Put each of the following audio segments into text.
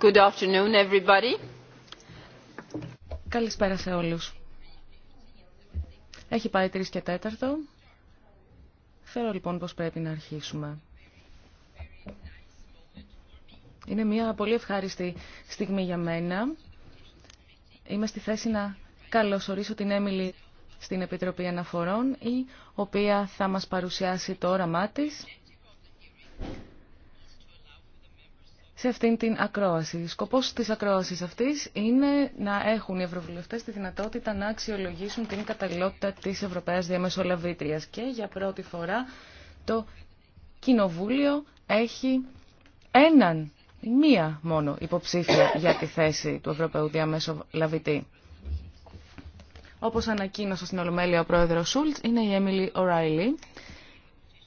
Good afternoon, everybody. Καλησπέρα σε όλους. Έχει πάει τρεις και τέταρτο. Θέλω λοιπόν πως πρέπει να αρχίσουμε. Είναι μια πολύ ευχάριστη στιγμή για μένα. Είμαι στη θέση να καλωσορίσω την Έμιλη στην Επιτροπή Αναφορών, η οποία θα μας παρουσιάσει το όραμά της σε αυτήν την ακρόαση. Σκοπός τη ακρόαση αυτή είναι να έχουν οι ευρωβουλευτέ τη δυνατότητα να αξιολογήσουν την καταλληλότητα της Ευρωπαίας Διαμεσολαβήτριας και για πρώτη φορά το Κοινοβούλιο έχει έναν, μία μόνο υποψήφια για τη θέση του Ευρωπαίου Διαμεσολαβητή. Όπως ανακοίνωσε στην Ολομέλεια ο πρόεδρο Σούλτ, είναι η Έμιλι Οράιλι,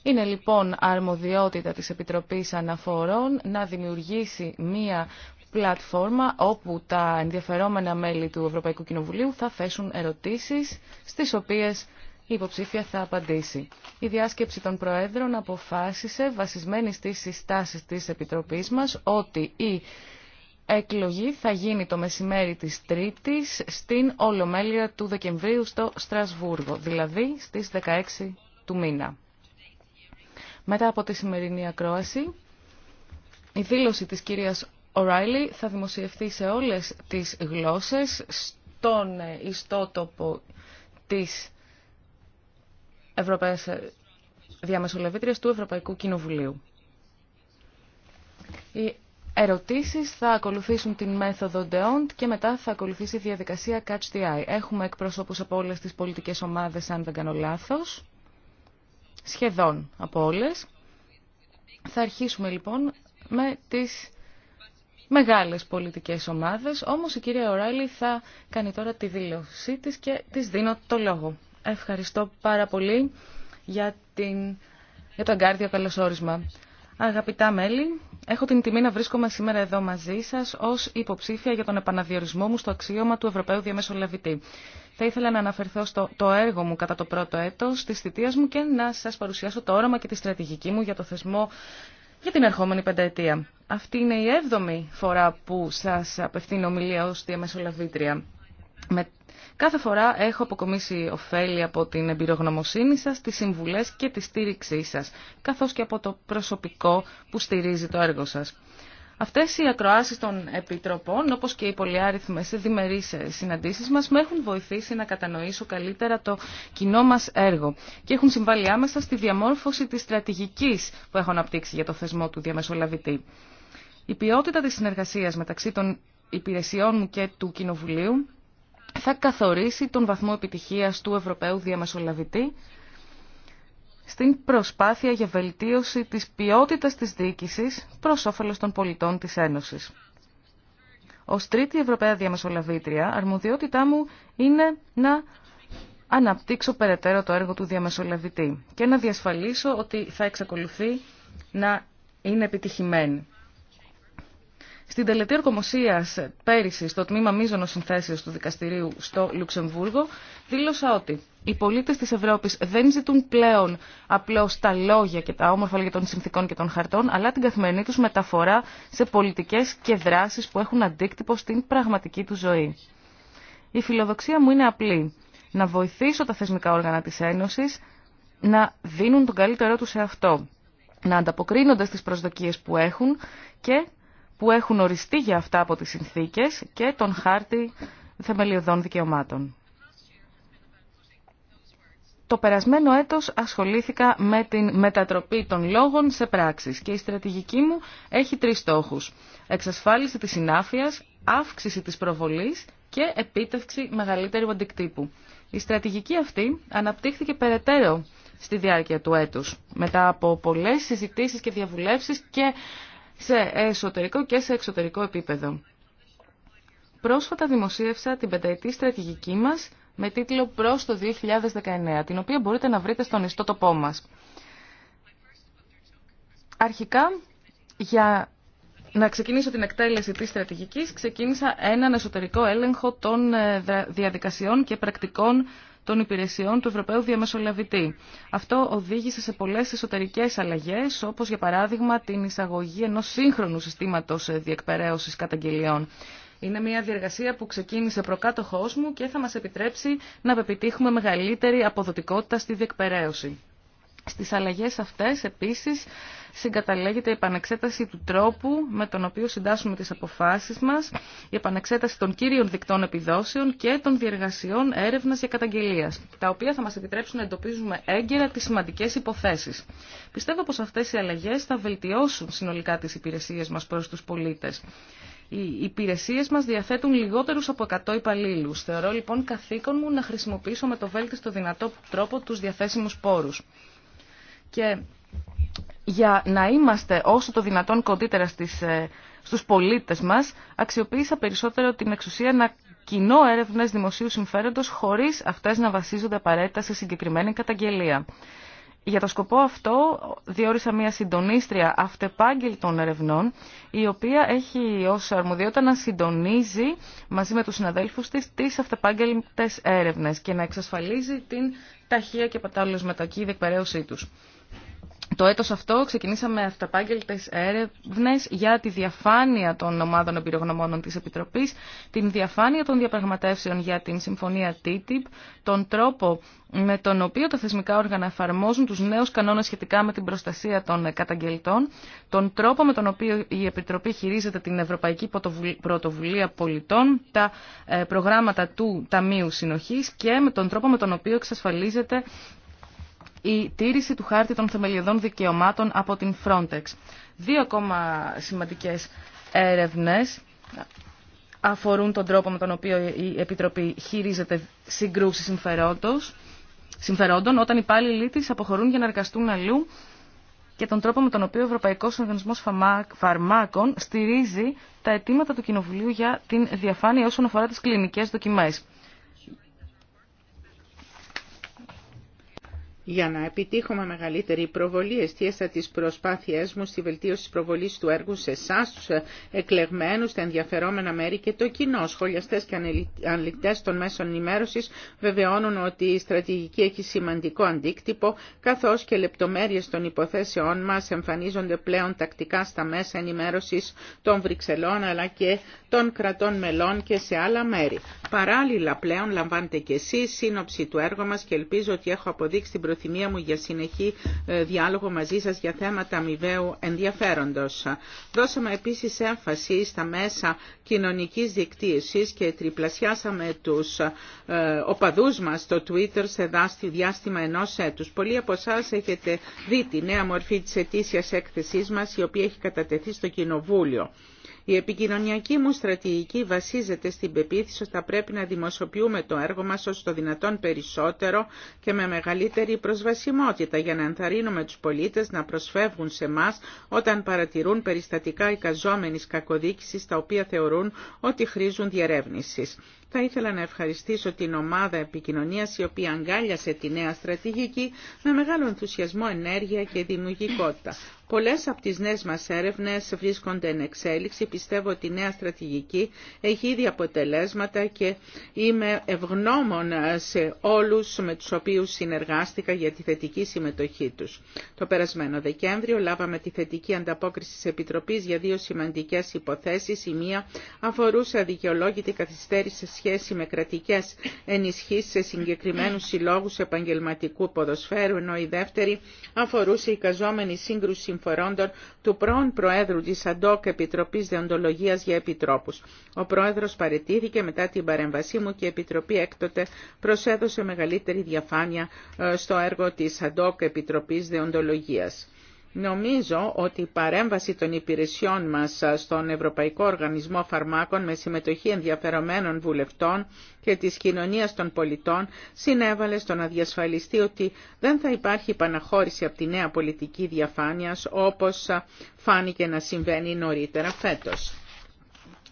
είναι λοιπόν αρμοδιότητα της Επιτροπής Αναφορών να δημιουργήσει μία πλατφόρμα όπου τα ενδιαφερόμενα μέλη του Ευρωπαϊκού Κοινοβουλίου θα θέσουν ερωτήσεις στις οποίες η υποψήφια θα απαντήσει. Η διάσκεψη των Προέδρων αποφάσισε, βασισμένη στις συστάσεις της Επιτροπής μας, ότι η εκλογή θα γίνει το μεσημέρι της Τρίτης στην Ολομέλεια του Δεκεμβρίου στο Στρασβούργο, δηλαδή στις 16 του μήνα. Μετά από τη σημερινή ακρόαση, η δήλωση της κυρίας O'Reilly θα δημοσιευθεί σε όλες τις γλώσσες στον ιστότοπο της Ευρωπαϊκής Διαμεσολαβήτριας του Ευρωπαϊκού Κοινοβουλίου. Οι ερωτήσεις θα ακολουθήσουν την μέθοδο DEONT και μετά θα ακολουθήσει η διαδικασία Catch the Eye. Έχουμε εκπροσώπους από όλες τις πολιτικές ομάδες, αν δεν κάνω λάθος σχεδόν από όλες. Θα αρχίσουμε λοιπόν με τις μεγάλες πολιτικές ομάδες, όμως η κυρία Οράλη θα κάνει τώρα τη δήλωσή της και της δίνω το λόγο. Ευχαριστώ πάρα πολύ για, την... για το εγκάρδιο Αγαπητά μέλη, έχω την τιμή να βρίσκομαι σήμερα εδώ μαζί σας ως υποψήφια για τον επαναδιορισμό μου στο αξίωμα του Ευρωπαίου Διαμεσολαβητή. Θα ήθελα να αναφερθώ στο το έργο μου κατά το πρώτο έτος της θητείας μου και να σας παρουσιάσω το όραμα και τη στρατηγική μου για το θεσμό για την ερχόμενη πενταετία. Αυτή είναι η έβδομη φορά που σας απευθύνω ομιλία ως διαμεσολαβήτρια. Με Κάθε φορά έχω αποκομίσει ωφέλη από την εμπειρογνωμοσύνη σας, τις συμβουλές και τη στήριξή σας, καθώς και από το προσωπικό που στηρίζει το έργο σας. Αυτές οι ακροάσεις των επιτροπών, όπως και οι πολυάριθμες διμερείς συναντήσεις μας, με έχουν βοηθήσει να κατανοήσω καλύτερα το κοινό μας έργο και έχουν συμβάλει άμεσα στη διαμόρφωση της στρατηγικής που έχω αναπτύξει για το θεσμό του διαμεσολαβητή. Η ποιότητα της συνεργασίας μεταξύ των υπηρεσιών μου και του Κοινοβουλίου θα καθορίσει τον βαθμό επιτυχίας του Ευρωπαίου Διαμεσολαβητή στην προσπάθεια για βελτίωση της ποιότητας της διοίκησης προς όφελος των πολιτών της Ένωσης. Ω τρίτη Ευρωπαία Διαμεσολαβήτρια, αρμοδιότητά μου είναι να αναπτύξω περαιτέρω το έργο του διαμεσολαβητή και να διασφαλίσω ότι θα εξακολουθεί να είναι επιτυχημένη. Στην τελετή ορκομοσία πέρυσι στο τμήμα μείζωνο συνθέσεω του δικαστηρίου στο Λουξεμβούργο, δήλωσα ότι οι πολίτε τη Ευρώπη δεν ζητούν πλέον απλώ τα λόγια και τα όμορφα λόγια των συνθήκων και των χαρτών, αλλά την καθημερινή του μεταφορά σε πολιτικέ και δράσει που έχουν αντίκτυπο στην πραγματική του ζωή. Η φιλοδοξία μου είναι απλή. Να βοηθήσω τα θεσμικά όργανα τη Ένωση να δίνουν τον καλύτερό του σε αυτό να ανταποκρίνονται στις προσδοκίες που έχουν και που έχουν οριστεί για αυτά από τις συνθήκες και τον χάρτη θεμελιωδών δικαιωμάτων. Το περασμένο έτος ασχολήθηκα με την μετατροπή των λόγων σε πράξεις και η στρατηγική μου έχει τρεις στόχους. Εξασφάλιση της συνάφειας, αύξηση της προβολής και επίτευξη μεγαλύτερου αντικτύπου. Η στρατηγική αυτή αναπτύχθηκε περαιτέρω στη διάρκεια του έτους, μετά από πολλές συζητήσεις και διαβουλεύσεις και σε εσωτερικό και σε εξωτερικό επίπεδο. Πρόσφατα δημοσίευσα την πενταετή στρατηγική μας με τίτλο «Προς το 2019», την οποία μπορείτε να βρείτε στον ιστότοπό μας. Αρχικά, για να ξεκινήσω την εκτέλεση της στρατηγικής, ξεκίνησα έναν εσωτερικό έλεγχο των ε, διαδικασιών και πρακτικών των υπηρεσιών του Ευρωπαίου Διαμεσολαβητή. Αυτό οδήγησε σε πολλέ εσωτερικέ αλλαγέ, όπω για παράδειγμα την εισαγωγή ενό σύγχρονου συστήματο διεκπαιρέωση καταγγελιών. Είναι μια διεργασία που ξεκίνησε προκάτοχό μου και θα μα επιτρέψει να επιτύχουμε μεγαλύτερη αποδοτικότητα στη διεκπαιρέωση. Στις αλλαγές αυτές επίσης συγκαταλέγεται η επανεξέταση του τρόπου με τον οποίο συντάσσουμε τις αποφάσεις μας, η επανεξέταση των κύριων δικτών επιδόσεων και των διεργασιών έρευνας και καταγγελίας, τα οποία θα μας επιτρέψουν να εντοπίζουμε έγκαιρα τις σημαντικές υποθέσεις. Πιστεύω πως αυτές οι αλλαγές θα βελτιώσουν συνολικά τις υπηρεσίες μας προς τους πολίτες. Οι υπηρεσίε μα διαθέτουν λιγότερου από 100 υπαλλήλου. Θεωρώ λοιπόν καθήκον μου να χρησιμοποιήσω με το βέλτιστο δυνατό τρόπο του διαθέσιμου πόρου. Και για να είμαστε όσο το δυνατόν κοντύτερα στις, ε, στους πολίτες μας, αξιοποίησα περισσότερο την εξουσία να κοινώ έρευνε δημοσίου συμφέροντος χωρίς αυτές να βασίζονται απαραίτητα σε συγκεκριμένη καταγγελία. Για το σκοπό αυτό διόρισα μια συντονίστρια αυτεπάγγελτων ερευνών, η οποία έχει ως αρμοδιότητα να συντονίζει μαζί με τους συναδέλφους της τις αυτεπάγγελτες έρευνες και να εξασφαλίζει την ταχεία και πατάλληλος μετακή διεκπαιρέωσή τους. Το έτος αυτό ξεκινήσαμε αυταπάγγελτες έρευνες για τη διαφάνεια των ομάδων εμπειρογνωμόνων της Επιτροπής, την διαφάνεια των διαπραγματεύσεων για την Συμφωνία TTIP, τον τρόπο με τον οποίο τα θεσμικά όργανα εφαρμόζουν τους νέους κανόνες σχετικά με την προστασία των καταγγελτών, τον τρόπο με τον οποίο η Επιτροπή χειρίζεται την Ευρωπαϊκή Πρωτοβουλία Πολιτών, τα ε, προγράμματα του Ταμείου Συνοχής και με τον τρόπο με τον οποίο εξασφαλίζεται η τήρηση του χάρτη των θεμελιωδών δικαιωμάτων από την Frontex. Δύο ακόμα σημαντικές έρευνες αφορούν τον τρόπο με τον οποίο η Επιτροπή χειρίζεται συγκρούσεις συμφερόντων όταν οι υπάλληλοι της αποχωρούν για να εργαστούν αλλού και τον τρόπο με τον οποίο ο Ευρωπαϊκός Οργανισμός Φαρμάκων στηρίζει τα αιτήματα του Κοινοβουλίου για την διαφάνεια όσον αφορά τις κλινικές δοκιμές. Για να επιτύχουμε μεγαλύτερη προβολή, εστίασα τις προσπάθειές μου στη βελτίωση της προβολής του έργου σε εσά, του ε, εκλεγμένους, τα ενδιαφερόμενα μέρη και το κοινό. Σχολιαστές και αναλυτές των μέσων ενημέρωσης βεβαιώνουν ότι η στρατηγική έχει σημαντικό αντίκτυπο, καθώς και λεπτομέρειες των υποθέσεών μας εμφανίζονται πλέον τακτικά στα μέσα ενημέρωσης των Βρυξελών αλλά και των κρατών μελών και σε άλλα μέρη. Παράλληλα πλέον λαμβάνετε και εσεί σύνοψη του έργου μα και ελπίζω ότι έχω αποδείξει την προθυμία μου για συνεχή ε, διάλογο μαζί σας για θέματα αμοιβαίου ενδιαφέροντος. Δώσαμε επίση έμφαση στα μέσα κοινωνικής δικτύωσης και τριπλασιάσαμε τους ε, οπαδούς μας στο Twitter σε διάστημα ενό έτου. Πολλοί από εσά έχετε δει τη νέα μορφή τη ετήσια έκθεσή μα, η οποία έχει κατατεθεί στο Κοινοβούλιο. Η επικοινωνιακή μου στρατηγική βασίζεται στην πεποίθηση ότι θα πρέπει να δημοσιοποιούμε το έργο μας ως το δυνατόν περισσότερο και με μεγαλύτερη προσβασιμότητα για να ενθαρρύνουμε τους πολίτες να προσφεύγουν σε εμά όταν παρατηρούν περιστατικά εικαζόμενης κακοδίκησης τα οποία θεωρούν ότι χρήζουν διερεύνησης. Θα ήθελα να ευχαριστήσω την ομάδα επικοινωνίας η οποία αγκάλιασε τη νέα στρατηγική με μεγάλο ενθουσιασμό, ενέργεια και δημιουργικότητα. Πολλέ από τι νέε μα έρευνε βρίσκονται εν εξέλιξη. Πιστεύω ότι η νέα στρατηγική έχει ήδη αποτελέσματα και είμαι ευγνώμων σε όλου με του οποίου συνεργάστηκα για τη θετική συμμετοχή του. Το περασμένο Δεκέμβριο λάβαμε τη θετική ανταπόκριση τη Επιτροπή για δύο σημαντικέ υποθέσει. Η μία αφορούσε αδικαιολόγητη καθυστέρηση σε σχέση με κρατικέ ενισχύσει σε συγκεκριμένου συλλόγου επαγγελματικού ποδοσφαίρου, ενώ η δεύτερη αφορούσε η καζόμενη σύγκρουση του πρώην Προέδρου της ΑΝΤΟΚ Επιτροπής Δεοντολογίας για Επιτρόπους. Ο Πρόεδρος παρετήθηκε μετά την παρέμβασή μου και η Επιτροπή έκτοτε προσέδωσε μεγαλύτερη διαφάνεια ε, στο έργο της ΑΝΤΟΚ Επιτροπής Δεοντολογίας. Νομίζω ότι η παρέμβαση των υπηρεσιών μας στον Ευρωπαϊκό Οργανισμό Φαρμάκων με συμμετοχή ενδιαφερομένων βουλευτών και της κοινωνίας των πολιτών συνέβαλε στο να διασφαλιστεί ότι δεν θα υπάρχει παναχώρηση από τη νέα πολιτική διαφάνειας όπως φάνηκε να συμβαίνει νωρίτερα φέτος.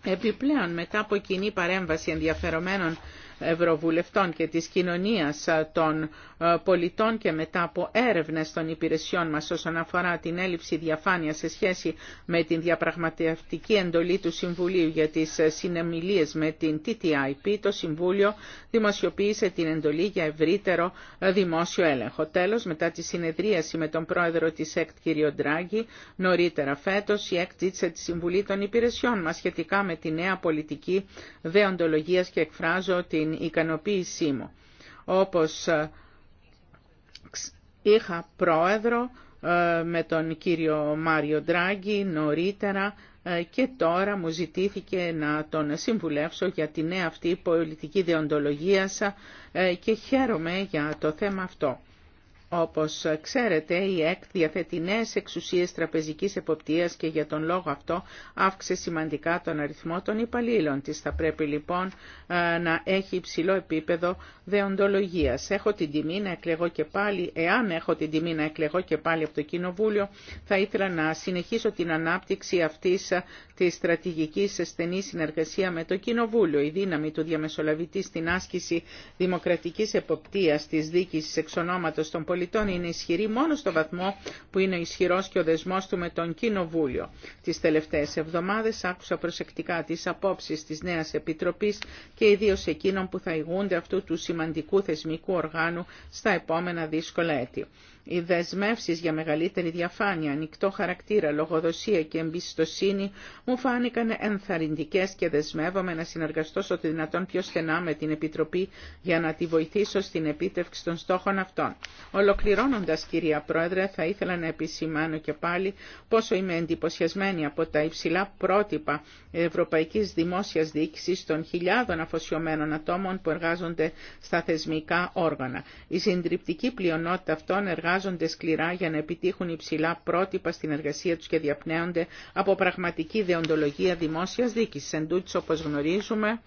Επιπλέον, μετά από κοινή παρέμβαση ενδιαφερομένων Ευρωβουλευτών και της κοινωνίας ε, των ε, πολιτών και μετά από έρευνες των υπηρεσιών μας όσον αφορά την έλλειψη διαφάνεια σε σχέση με την διαπραγματευτική εντολή του Συμβουλίου για τις ε, συνεμιλίες με την TTIP, το Συμβούλιο δημοσιοποίησε την εντολή για ευρύτερο δημόσιο έλεγχο. Τέλος, μετά τη συνεδρίαση με τον πρόεδρο της ΕΚΤ κ. Ντράγκη, νωρίτερα φέτος η ΕΚΤ ζήτησε τη Συμβουλή των Υπηρεσιών μας σχετικά με τη νέα πολιτική δεοντολογίας και εκφράζω την την ικανοποίησή μου. Όπως ε, είχα πρόεδρο ε, με τον κύριο Μάριο Ντράγκη νωρίτερα ε, και τώρα μου ζητήθηκε να τον συμβουλεύσω για τη νέα αυτή πολιτική διοντολογία και χαίρομαι για το θέμα αυτό. Όπως ξέρετε, η ΕΚ διαθέτει νέες εξουσίες τραπεζικής εποπτείας και για τον λόγο αυτό αύξησε σημαντικά τον αριθμό των υπαλλήλων της. Θα πρέπει λοιπόν ε, να έχει υψηλό επίπεδο δεοντολογίας. Έχω την τιμή να εκλεγώ και πάλι, εάν έχω την τιμή να εκλεγώ και πάλι από το Κοινοβούλιο, θα ήθελα να συνεχίσω την ανάπτυξη αυτής ε, της στρατηγικής στενή συνεργασία με το Κοινοβούλιο. Η δύναμη του διαμεσολαβητή στην άσκηση δημοκρατικής εποπτείας της δίκησης εξ ονόματος των πολιτών είναι ισχυρή μόνο στο βαθμό που είναι ισχυρός και ο δεσμός του με τον Κοινοβούλιο. Τις τελευταίες εβδομάδες άκουσα προσεκτικά τι απόψει τη νέα Επιτροπή και ιδίω εκείνων που θα ηγούνται αυτού του σημαντικού θεσμικού οργάνου στα επόμενα δύσκολα έτη. Οι δεσμεύσει για μεγαλύτερη διαφάνεια, ανοιχτό χαρακτήρα, λογοδοσία και εμπιστοσύνη μου φάνηκαν ενθαρρυντικέ και δεσμεύομαι να συνεργαστώ στο δυνατόν πιο στενά με την Επιτροπή για να τη βοηθήσω στην επίτευξη των στόχων αυτών. Ολοκληρώνοντα, κυρία Πρόεδρε, θα ήθελα να επισημάνω και πάλι πόσο είμαι εντυπωσιασμένη από τα υψηλά πρότυπα Ευρωπαϊκή Δημόσια Διοίκηση των χιλιάδων αφοσιωμένων ατόμων που εργάζονται στα θεσμικά όργανα. Η συντριπτική πλειονότητα αυτών εργάζονται εργάζονται σκληρά για να επιτύχουν υψηλά πρότυπα στην εργασία τους και διαπνέονται από πραγματική δεοντολογία δημόσιας δίκης. Εν τούτης, όπως γνωρίζουμε,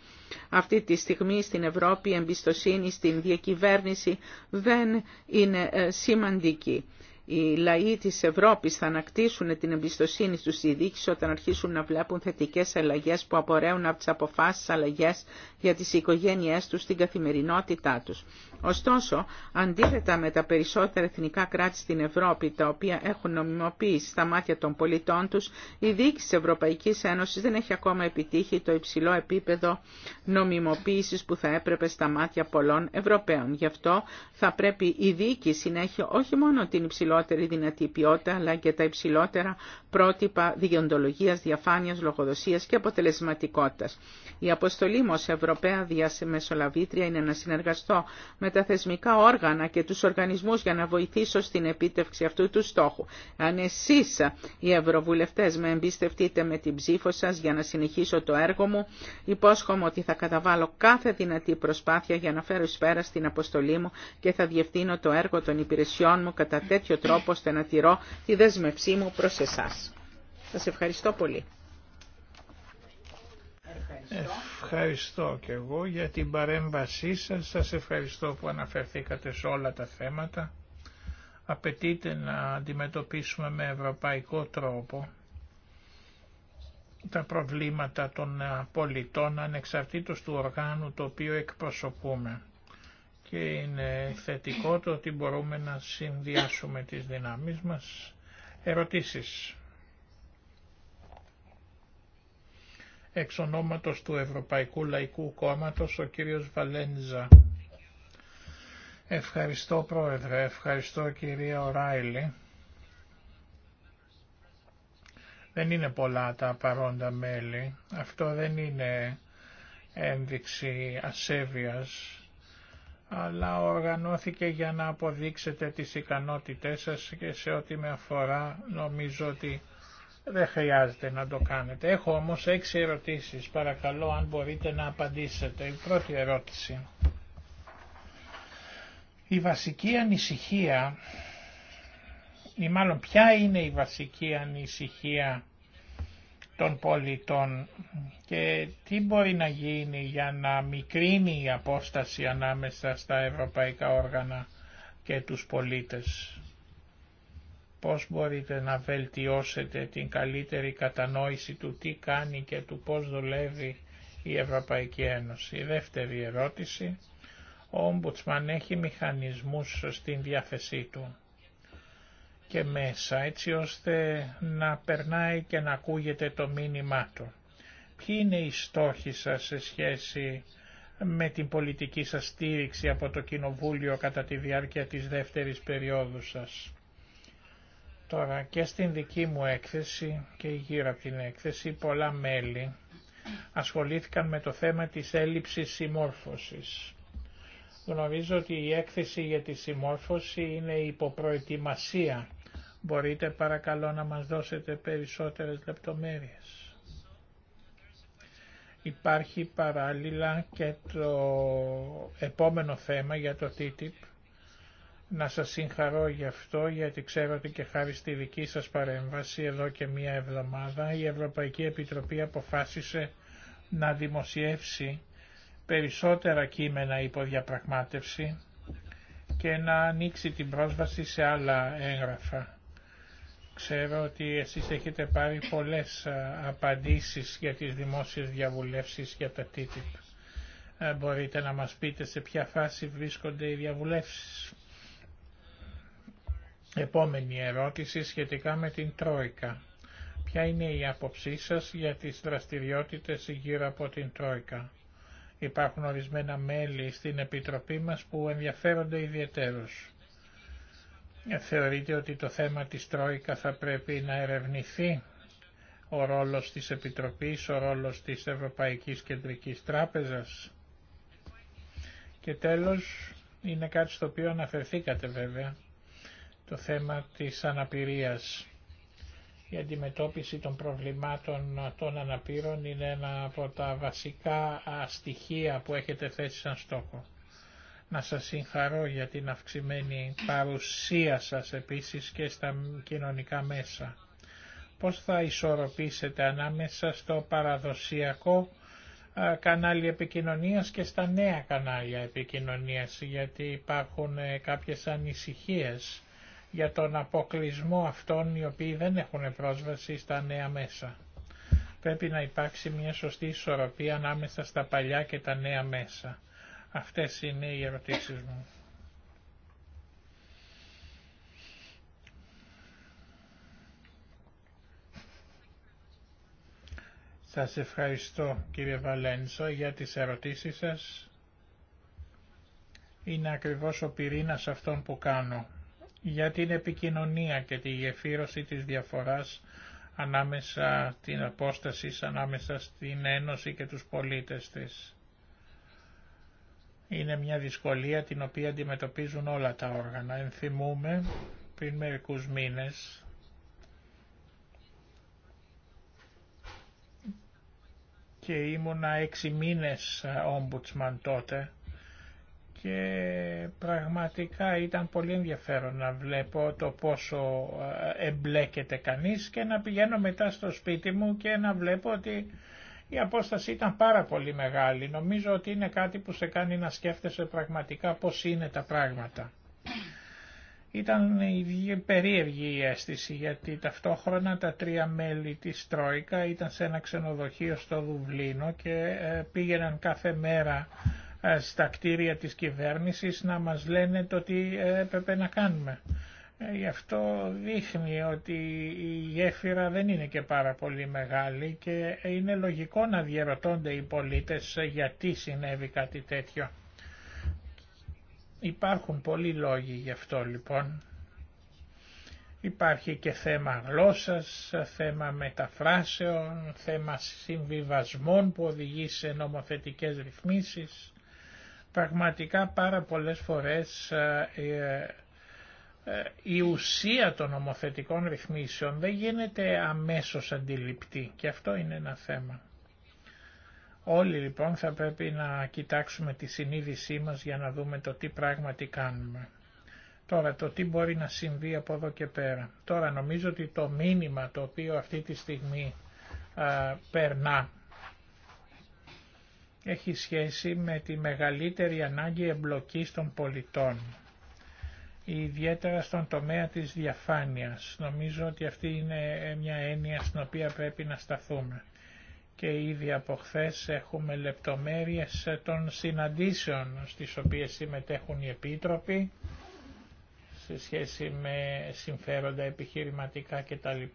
αυτή τη στιγμή στην Ευρώπη η εμπιστοσύνη στην διακυβέρνηση δεν είναι ε, σημαντική. Οι λαοί της Ευρώπης θα ανακτήσουν την εμπιστοσύνη στους ειδίκης όταν αρχίσουν να βλέπουν θετικές αλλαγές που απορρέουν από τις αποφάσεις αλλαγές για τις οικογένειές τους στην καθημερινότητά τους. Ωστόσο, αντίθετα με τα περισσότερα εθνικά κράτη στην Ευρώπη, τα οποία έχουν νομιμοποιήσει στα μάτια των πολιτών τους, η διοίκηση της Ευρωπαϊκής Ένωσης δεν έχει ακόμα επιτύχει το υψηλό επίπεδο νομιμοποίησης που θα έπρεπε στα μάτια πολλών Ευρωπαίων. Γι' αυτό θα πρέπει η διοίκηση να έχει όχι μόνο την υψηλότερη δυνατή ποιότητα, αλλά και τα υψηλότερα πρότυπα διοντολογίας, διαφάνειας, λογοδοσίας και αποτελεσματικότητας. Η αποστολή μου Διαμεσολαβήτρια είναι να συνεργαστώ τα θεσμικά όργανα και τους οργανισμούς για να βοηθήσω στην επίτευξη αυτού του στόχου. Αν εσείς οι ευρωβουλευτές με εμπιστευτείτε με την ψήφο σας για να συνεχίσω το έργο μου, υπόσχομαι ότι θα καταβάλω κάθε δυνατή προσπάθεια για να φέρω σφαίρα στην αποστολή μου και θα διευθύνω το έργο των υπηρεσιών μου κατά τέτοιο τρόπο ώστε να τηρώ τη δέσμευσή μου προς εσάς. Σας ευχαριστώ πολύ. Ευχαριστώ και εγώ για την παρέμβασή σας. Σας ευχαριστώ που αναφερθήκατε σε όλα τα θέματα. Απαιτείται να αντιμετωπίσουμε με ευρωπαϊκό τρόπο τα προβλήματα των πολιτών ανεξαρτήτως του οργάνου το οποίο εκπροσωπούμε. Και είναι θετικό το ότι μπορούμε να συνδυάσουμε τις δυνάμεις μας. Ερωτήσεις. Εξ ονόματος του Ευρωπαϊκού Λαϊκού Κόμματος, ο κύριος Βαλένζα. Ευχαριστώ Πρόεδρε, ευχαριστώ κυρία Οράιλη. Δεν είναι πολλά τα παρόντα μέλη. Αυτό δεν είναι ένδειξη ασέβειας, αλλά οργανώθηκε για να αποδείξετε τις ικανότητές σας και σε ό,τι με αφορά νομίζω ότι δεν χρειάζεται να το κάνετε. Έχω όμως έξι ερωτήσεις. Παρακαλώ αν μπορείτε να απαντήσετε. Η πρώτη ερώτηση. Η βασική ανησυχία, ή μάλλον ποια είναι η βασική ανησυχία των πολιτών και τι μπορεί να γίνει για να μικρύνει η απόσταση ανάμεσα στα ευρωπαϊκά όργανα και τους πολίτες πώς μπορείτε να βελτιώσετε την καλύτερη κατανόηση του τι κάνει και του πώς δουλεύει η Ευρωπαϊκή Ένωση. Η δεύτερη ερώτηση, ο Ομπουτσμαν έχει μηχανισμούς στην διάθεσή του και μέσα έτσι ώστε να περνάει και να ακούγεται το μήνυμά του. Ποιοι είναι οι στόχοι σας σε σχέση με την πολιτική σας στήριξη από το Κοινοβούλιο κατά τη διάρκεια της δεύτερης περίοδου σας. Τώρα και στην δική μου έκθεση και γύρω από την έκθεση πολλά μέλη ασχολήθηκαν με το θέμα της έλλειψης συμμόρφωσης. Γνωρίζω ότι η έκθεση για τη συμμόρφωση είναι υποπροετοιμασία. Μπορείτε παρακαλώ να μας δώσετε περισσότερες λεπτομέρειες. Υπάρχει παράλληλα και το επόμενο θέμα για το TTIP να σας συγχαρώ γι' αυτό γιατί ξέρω ότι και χάρη στη δική σας παρέμβαση εδώ και μία εβδομάδα η Ευρωπαϊκή Επιτροπή αποφάσισε να δημοσιεύσει περισσότερα κείμενα υποδιαπραγμάτευση και να ανοίξει την πρόσβαση σε άλλα έγγραφα. Ξέρω ότι εσείς έχετε πάρει πολλές απαντήσεις για τις δημόσιες διαβουλεύσεις για τα TTIP. Ε, μπορείτε να μας πείτε σε ποια φάση βρίσκονται οι διαβουλεύσεις. Επόμενη ερώτηση σχετικά με την Τρόικα. Ποια είναι η άποψή σας για τις δραστηριότητες γύρω από την Τρόικα. Υπάρχουν ορισμένα μέλη στην Επιτροπή μας που ενδιαφέρονται ιδιαίτερως. Θεωρείτε ότι το θέμα της Τρόικα θα πρέπει να ερευνηθεί ο ρόλος της Επιτροπής, ο ρόλος της Ευρωπαϊκής Κεντρικής Τράπεζας. Και τέλος, είναι κάτι στο οποίο αναφερθήκατε βέβαια, το θέμα της αναπηρίας. Η αντιμετώπιση των προβλημάτων των αναπήρων είναι ένα από τα βασικά στοιχεία που έχετε θέσει σαν στόχο. Να σας συγχαρώ για την αυξημένη παρουσία σας επίσης και στα κοινωνικά μέσα. Πώς θα ισορροπήσετε ανάμεσα στο παραδοσιακό κανάλι επικοινωνίας και στα νέα κανάλια επικοινωνίας, γιατί υπάρχουν ε, κάποιες ανησυχίες για τον αποκλεισμό αυτών οι οποίοι δεν έχουν πρόσβαση στα νέα μέσα. Πρέπει να υπάρξει μια σωστή ισορροπία ανάμεσα στα παλιά και τα νέα μέσα. Αυτές είναι οι ερωτήσεις μου. Σας ευχαριστώ κύριε Βαλένσο για τις ερωτήσεις σας. Είναι ακριβώς ο πυρήνας αυτών που κάνω για την επικοινωνία και τη γεφύρωση της διαφοράς ανάμεσα την απόσταση ανάμεσα στην Ένωση και τους πολίτες της. Είναι μια δυσκολία την οποία αντιμετωπίζουν όλα τα όργανα. Ενθυμούμε πριν μερικούς μήνες και ήμουνα έξι μήνες ομπουτσμαν ε, τότε και πραγματικά ήταν πολύ ενδιαφέρον να βλέπω το πόσο ε, εμπλέκεται κανείς και να πηγαίνω μετά στο σπίτι μου και να βλέπω ότι η απόσταση ήταν πάρα πολύ μεγάλη. Νομίζω ότι είναι κάτι που σε κάνει να σκέφτεσαι πραγματικά πώς είναι τα πράγματα. Ήταν περίεργη η αίσθηση γιατί ταυτόχρονα τα τρία μέλη της Τρόικα ήταν σε ένα ξενοδοχείο στο Δουβλίνο και ε, πήγαιναν κάθε μέρα ε, στα κτίρια της κυβέρνησης να μας λένε το τι έπρεπε να κάνουμε. Ε, γι' αυτό δείχνει ότι η γέφυρα δεν είναι και πάρα πολύ μεγάλη και είναι λογικό να διαρωτώνται οι πολίτες γιατί συνέβη κάτι τέτοιο. Υπάρχουν πολλοί λόγοι γι' αυτό λοιπόν. Υπάρχει και θέμα γλώσσας, θέμα μεταφράσεων, θέμα συμβιβασμών που οδηγεί σε νομοθετικές ρυθμίσεις Πραγματικά πάρα πολλές φορές ε, ε, ε, η ουσία των νομοθετικών ρυθμίσεων δεν γίνεται αμέσως αντιληπτή και αυτό είναι ένα θέμα. Όλοι λοιπόν θα πρέπει να κοιτάξουμε τη συνείδησή μας για να δούμε το τι πράγματι κάνουμε. Τώρα το τι μπορεί να συμβεί από εδώ και πέρα. Τώρα νομίζω ότι το μήνυμα το οποίο αυτή τη στιγμή περνά έχει σχέση με τη μεγαλύτερη ανάγκη εμπλοκής των πολιτών, ιδιαίτερα στον τομέα της διαφάνειας. Νομίζω ότι αυτή είναι μια έννοια στην οποία πρέπει να σταθούμε. Και ήδη από χθε έχουμε λεπτομέρειες των συναντήσεων στις οποίες συμμετέχουν οι επίτροποι σε σχέση με συμφέροντα επιχειρηματικά κτλ.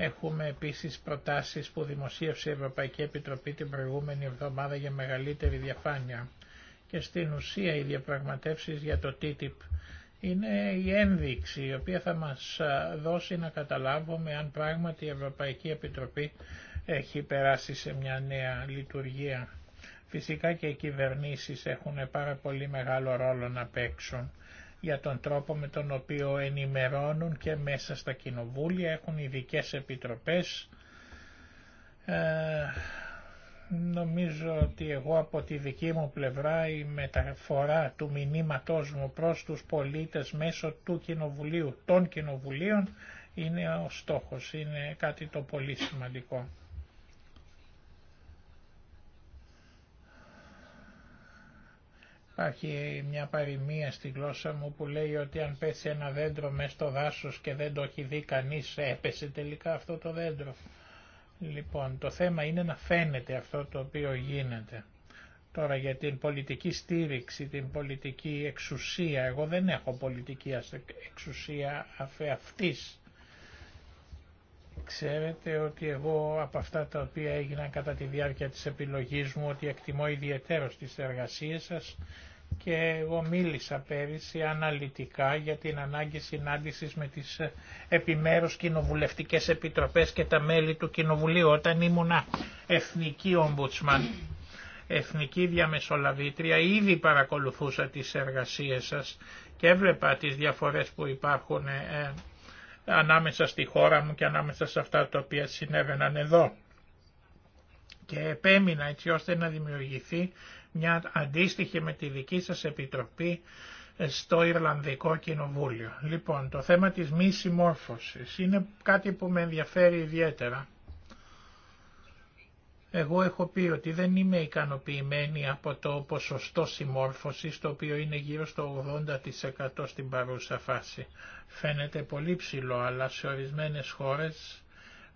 Έχουμε επίσης προτάσεις που δημοσίευσε η Ευρωπαϊκή Επιτροπή την προηγούμενη εβδομάδα για μεγαλύτερη διαφάνεια και στην ουσία οι διαπραγματεύσεις για το TTIP είναι η ένδειξη η οποία θα μας δώσει να καταλάβουμε αν πράγματι η Ευρωπαϊκή Επιτροπή έχει περάσει σε μια νέα λειτουργία. Φυσικά και οι κυβερνήσεις έχουν πάρα πολύ μεγάλο ρόλο να παίξουν για τον τρόπο με τον οποίο ενημερώνουν και μέσα στα κοινοβούλια, έχουν ειδικέ επιτροπές. Ε, νομίζω ότι εγώ από τη δική μου πλευρά η μεταφορά του μηνύματός μου προς τους πολίτες μέσω του κοινοβουλίου, των κοινοβουλίων, είναι ο στόχος, είναι κάτι το πολύ σημαντικό. Υπάρχει μια παροιμία στη γλώσσα μου που λέει ότι αν πέσει ένα δέντρο μέσα στο δάσος και δεν το έχει δει κανείς, έπεσε τελικά αυτό το δέντρο. Λοιπόν, το θέμα είναι να φαίνεται αυτό το οποίο γίνεται. Τώρα για την πολιτική στήριξη, την πολιτική εξουσία, εγώ δεν έχω πολιτική εξουσία αυτής. Ξέρετε ότι εγώ από αυτά τα οποία έγιναν κατά τη διάρκεια της επιλογής μου ότι εκτιμώ ιδιαίτερο τις εργασίες σας και εγώ μίλησα πέρυσι αναλυτικά για την ανάγκη συνάντησης με τις επιμέρους κοινοβουλευτικές επιτροπές και τα μέλη του Κοινοβουλίου όταν ήμουνα εθνική ομπουτσμαν. Εθνική Διαμεσολαβήτρια, ήδη παρακολουθούσα τις εργασίες σας και έβλεπα τις διαφορές που υπάρχουν ε, ανάμεσα στη χώρα μου και ανάμεσα σε αυτά τα οποία συνέβαιναν εδώ. Και επέμεινα έτσι ώστε να δημιουργηθεί μια αντίστοιχη με τη δική σας επιτροπή ε, στο Ιρλανδικό Κοινοβούλιο. Λοιπόν, το θέμα της μη συμμόρφωσης είναι κάτι που με ενδιαφέρει ιδιαίτερα. Εγώ έχω πει ότι δεν είμαι ικανοποιημένη από το ποσοστό συμμόρφωσης, το οποίο είναι γύρω στο 80% στην παρούσα φάση. Φαίνεται πολύ ψηλό, αλλά σε ορισμένες χώρες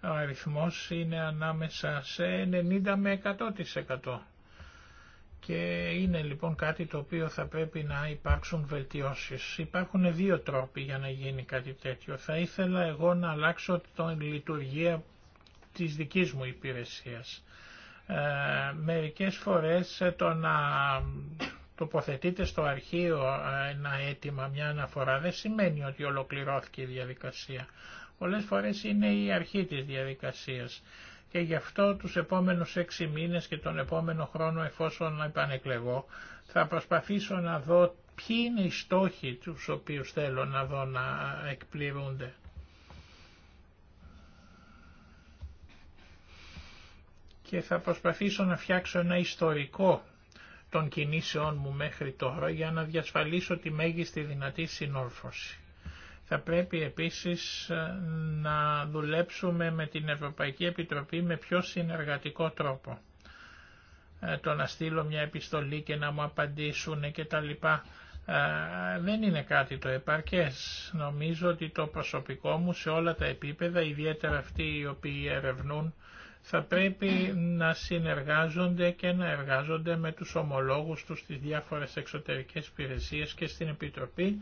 ο αριθμός είναι ανάμεσα σε 90 με 100% και είναι λοιπόν κάτι το οποίο θα πρέπει να υπάρξουν βελτιώσεις. Υπάρχουν δύο τρόποι για να γίνει κάτι τέτοιο. Θα ήθελα εγώ να αλλάξω την λειτουργία της δικής μου υπηρεσίας. Ε, μερικές φορές ε, το να τοποθετείτε στο αρχείο ε, ένα αίτημα, μια αναφορά, δεν σημαίνει ότι ολοκληρώθηκε η διαδικασία. Πολλές φορές είναι η αρχή της διαδικασίας και γι' αυτό τους επόμενους έξι μήνες και τον επόμενο χρόνο εφόσον επανεκλεγώ θα προσπαθήσω να δω ποιοι είναι οι στόχοι τους οποίους θέλω να δω να εκπληρούνται. Και θα προσπαθήσω να φτιάξω ένα ιστορικό των κινήσεών μου μέχρι τώρα για να διασφαλίσω τη μέγιστη δυνατή συνόρφωση. Θα πρέπει επίσης ε, να δουλέψουμε με την Ευρωπαϊκή Επιτροπή με πιο συνεργατικό τρόπο. Ε, το να στείλω μια επιστολή και να μου απαντήσουν και τα λοιπά ε, δεν είναι κάτι το επαρκές. Νομίζω ότι το προσωπικό μου σε όλα τα επίπεδα, ιδιαίτερα αυτοί οι οποίοι ερευνούν, θα πρέπει να συνεργάζονται και να εργάζονται με τους ομολόγους τους στις διάφορες εξωτερικές υπηρεσίες και στην Επιτροπή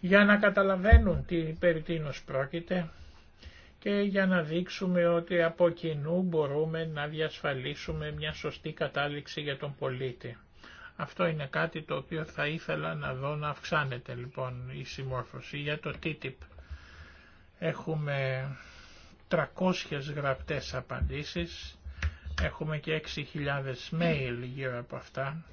για να καταλαβαίνουν τι περί τίνος πρόκειται και για να δείξουμε ότι από κοινού μπορούμε να διασφαλίσουμε μια σωστή κατάληξη για τον πολίτη. Αυτό είναι κάτι το οποίο θα ήθελα να δω να αυξάνεται λοιπόν η συμμόρφωση για το TTIP. Έχουμε 300 γραπτές απαντήσεις, έχουμε και 6.000 mail γύρω από αυτά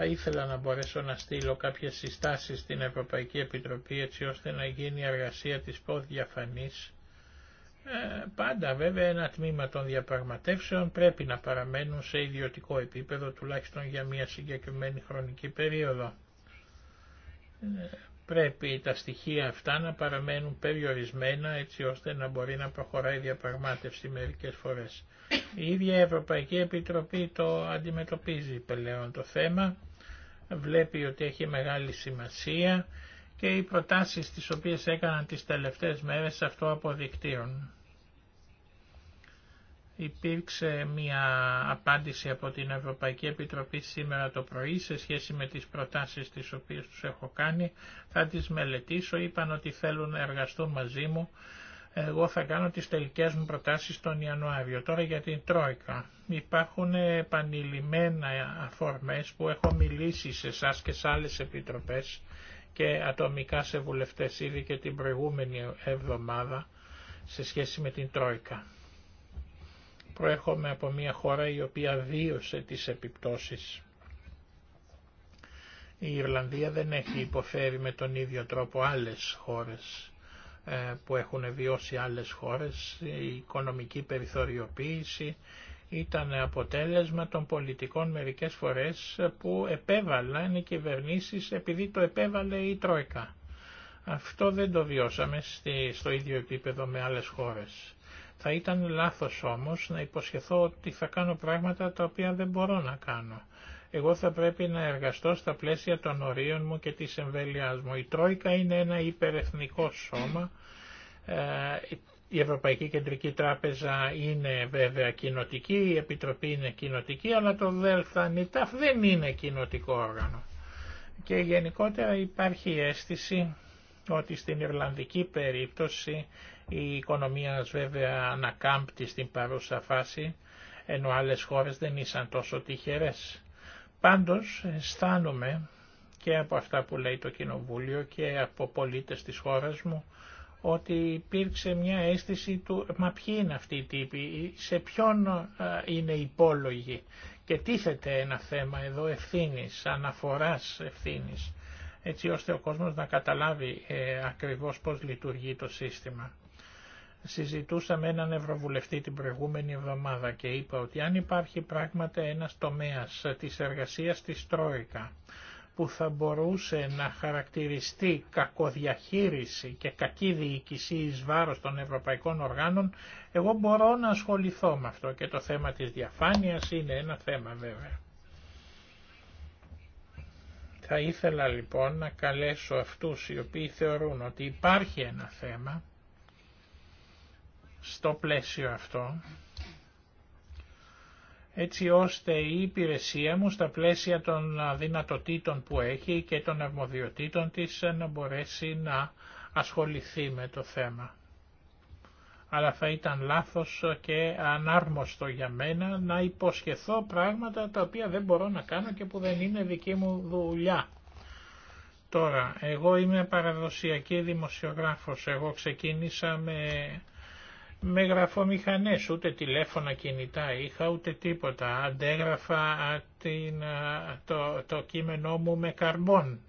θα ήθελα να μπορέσω να στείλω κάποιες συστάσεις στην Ευρωπαϊκή Επιτροπή έτσι ώστε να γίνει η εργασία της ΠΟΔ διαφανής. Ε, πάντα βέβαια ένα τμήμα των διαπραγματεύσεων πρέπει να παραμένουν σε ιδιωτικό επίπεδο τουλάχιστον για μια συγκεκριμένη χρονική περίοδο. Ε, πρέπει τα στοιχεία αυτά να παραμένουν περιορισμένα έτσι ώστε να μπορεί να προχωράει η διαπραγμάτευση μερικές φορές. Η ίδια Ευρωπαϊκή Επιτροπή το αντιμετωπίζει πλέον το θέμα βλέπει ότι έχει μεγάλη σημασία και οι προτάσεις τις οποίες έκαναν τις τελευταίες μέρες αυτό αποδεικτείων. Υπήρξε μια απάντηση από την Ευρωπαϊκή Επιτροπή σήμερα το πρωί σε σχέση με τις προτάσεις τις οποίες τους έχω κάνει. Θα τις μελετήσω, είπαν ότι θέλουν να εργαστούν μαζί μου εγώ θα κάνω τις τελικές μου προτάσεις τον Ιανουάριο. Τώρα για την Τρόικα. Υπάρχουν επανειλημμένα αφορμές που έχω μιλήσει σε εσά και σε άλλες επιτροπές και ατομικά σε βουλευτές ήδη και την προηγούμενη εβδομάδα σε σχέση με την Τρόικα. Προέρχομαι από μια χώρα η οποία βίωσε τις επιπτώσεις. Η Ιρλανδία δεν έχει υποφέρει με τον ίδιο τρόπο άλλες χώρες ε, που έχουν βιώσει άλλες χώρες, η οικονομική περιθωριοποίηση ήταν αποτέλεσμα των πολιτικών μερικές φορές που επέβαλαν οι κυβερνήσεις επειδή το επέβαλε η Τρόικα. Αυτό δεν το βιώσαμε στο ίδιο επίπεδο με άλλες χώρες. Θα ήταν λάθος όμως να υποσχεθώ ότι θα κάνω πράγματα τα οποία δεν μπορώ να κάνω εγώ θα πρέπει να εργαστώ στα πλαίσια των ορίων μου και της εμβέλειάς μου. Η Τρόικα είναι ένα υπερεθνικό σώμα. Ε, η Ευρωπαϊκή Κεντρική Τράπεζα είναι βέβαια κοινοτική, η Επιτροπή είναι κοινοτική, αλλά το ΔΕΛΤΑ ΝΙΤΑΦ δεν είναι κοινοτικό όργανο. Και γενικότερα υπάρχει αίσθηση ότι στην Ιρλανδική περίπτωση η οικονομία βέβαια ανακάμπτει στην παρούσα φάση, ενώ άλλες χώρες δεν ήσαν τόσο τυχερές. Πάντως αισθάνομαι και από αυτά που λέει το Κοινοβούλιο και από πολίτες της χώρας μου ότι υπήρξε μια αίσθηση του «Μα ποιοι είναι αυτοί οι τύποι, σε ποιον είναι υπόλογοι» και τίθεται ένα θέμα εδώ ευθύνης, αναφοράς ευθύνης, έτσι ώστε ο κόσμος να καταλάβει ε, ακριβώς πώς λειτουργεί το σύστημα. Συζητούσα με έναν Ευρωβουλευτή την προηγούμενη εβδομάδα και είπα ότι αν υπάρχει πράγματα ένας τομέας της εργασίας της Τρόικα που θα μπορούσε να χαρακτηριστεί κακοδιαχείριση και κακή διοίκηση εις βάρος των ευρωπαϊκών οργάνων, εγώ μπορώ να ασχοληθώ με αυτό και το θέμα της διαφάνειας είναι ένα θέμα βέβαια. Θα ήθελα λοιπόν να καλέσω αυτούς οι οποίοι θεωρούν ότι υπάρχει ένα θέμα, στο πλαίσιο αυτό έτσι ώστε η υπηρεσία μου στα πλαίσια των δυνατοτήτων που έχει και των αρμοδιοτήτων της να μπορέσει να ασχοληθεί με το θέμα. Αλλά θα ήταν λάθος και ανάρμοστο για μένα να υποσχεθώ πράγματα τα οποία δεν μπορώ να κάνω και που δεν είναι δική μου δουλειά. Τώρα, εγώ είμαι παραδοσιακή δημοσιογράφος, εγώ ξεκίνησα με με γραφομηχανές, ούτε τηλέφωνα κινητά είχα, ούτε τίποτα. Αντέγραφα την, το, το κείμενό μου με καρμπών.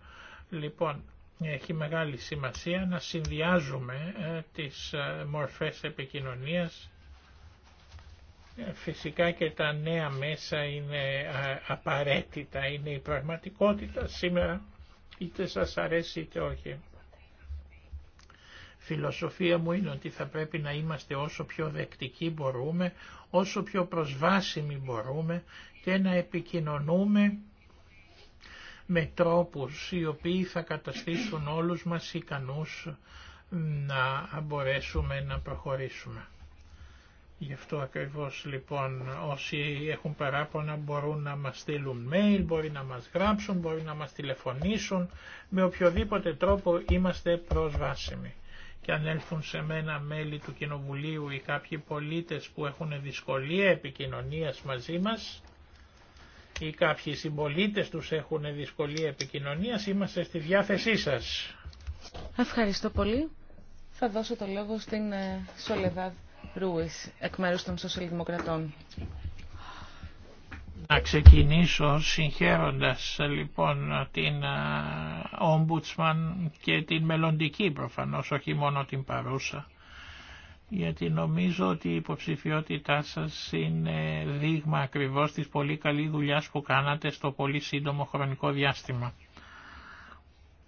Λοιπόν, έχει μεγάλη σημασία να συνδυάζουμε τις μορφές επικοινωνίας. Φυσικά και τα νέα μέσα είναι απαραίτητα, είναι η πραγματικότητα σήμερα, είτε σας αρέσει είτε όχι φιλοσοφία μου είναι ότι θα πρέπει να είμαστε όσο πιο δεκτικοί μπορούμε, όσο πιο προσβάσιμοι μπορούμε και να επικοινωνούμε με τρόπους οι οποίοι θα καταστήσουν όλους μας ικανούς να μπορέσουμε να προχωρήσουμε. Γι' αυτό ακριβώς λοιπόν όσοι έχουν παράπονα μπορούν να μας στείλουν mail, μπορεί να μας γράψουν, μπορεί να μας τηλεφωνήσουν. Με οποιοδήποτε τρόπο είμαστε προσβάσιμοι και αν έλθουν σε μένα μέλη του Κοινοβουλίου ή κάποιοι πολίτες που έχουν δυσκολία επικοινωνίας μαζί μας ή κάποιοι συμπολίτες τους έχουν δυσκολία επικοινωνίας, είμαστε στη διάθεσή σας. Ευχαριστώ πολύ. Θα δώσω το λόγο στην Σολεδάδ Ρούις, εκ μέρους των Σοσιαλδημοκρατών. Να ξεκινήσω συγχαίροντας λοιπόν την Ombudsman και την μελλοντική προφανώς, όχι μόνο την παρούσα, γιατί νομίζω ότι η υποψηφιότητά σας είναι δείγμα ακριβώς της πολύ καλή δουλειάς που κάνατε στο πολύ σύντομο χρονικό διάστημα.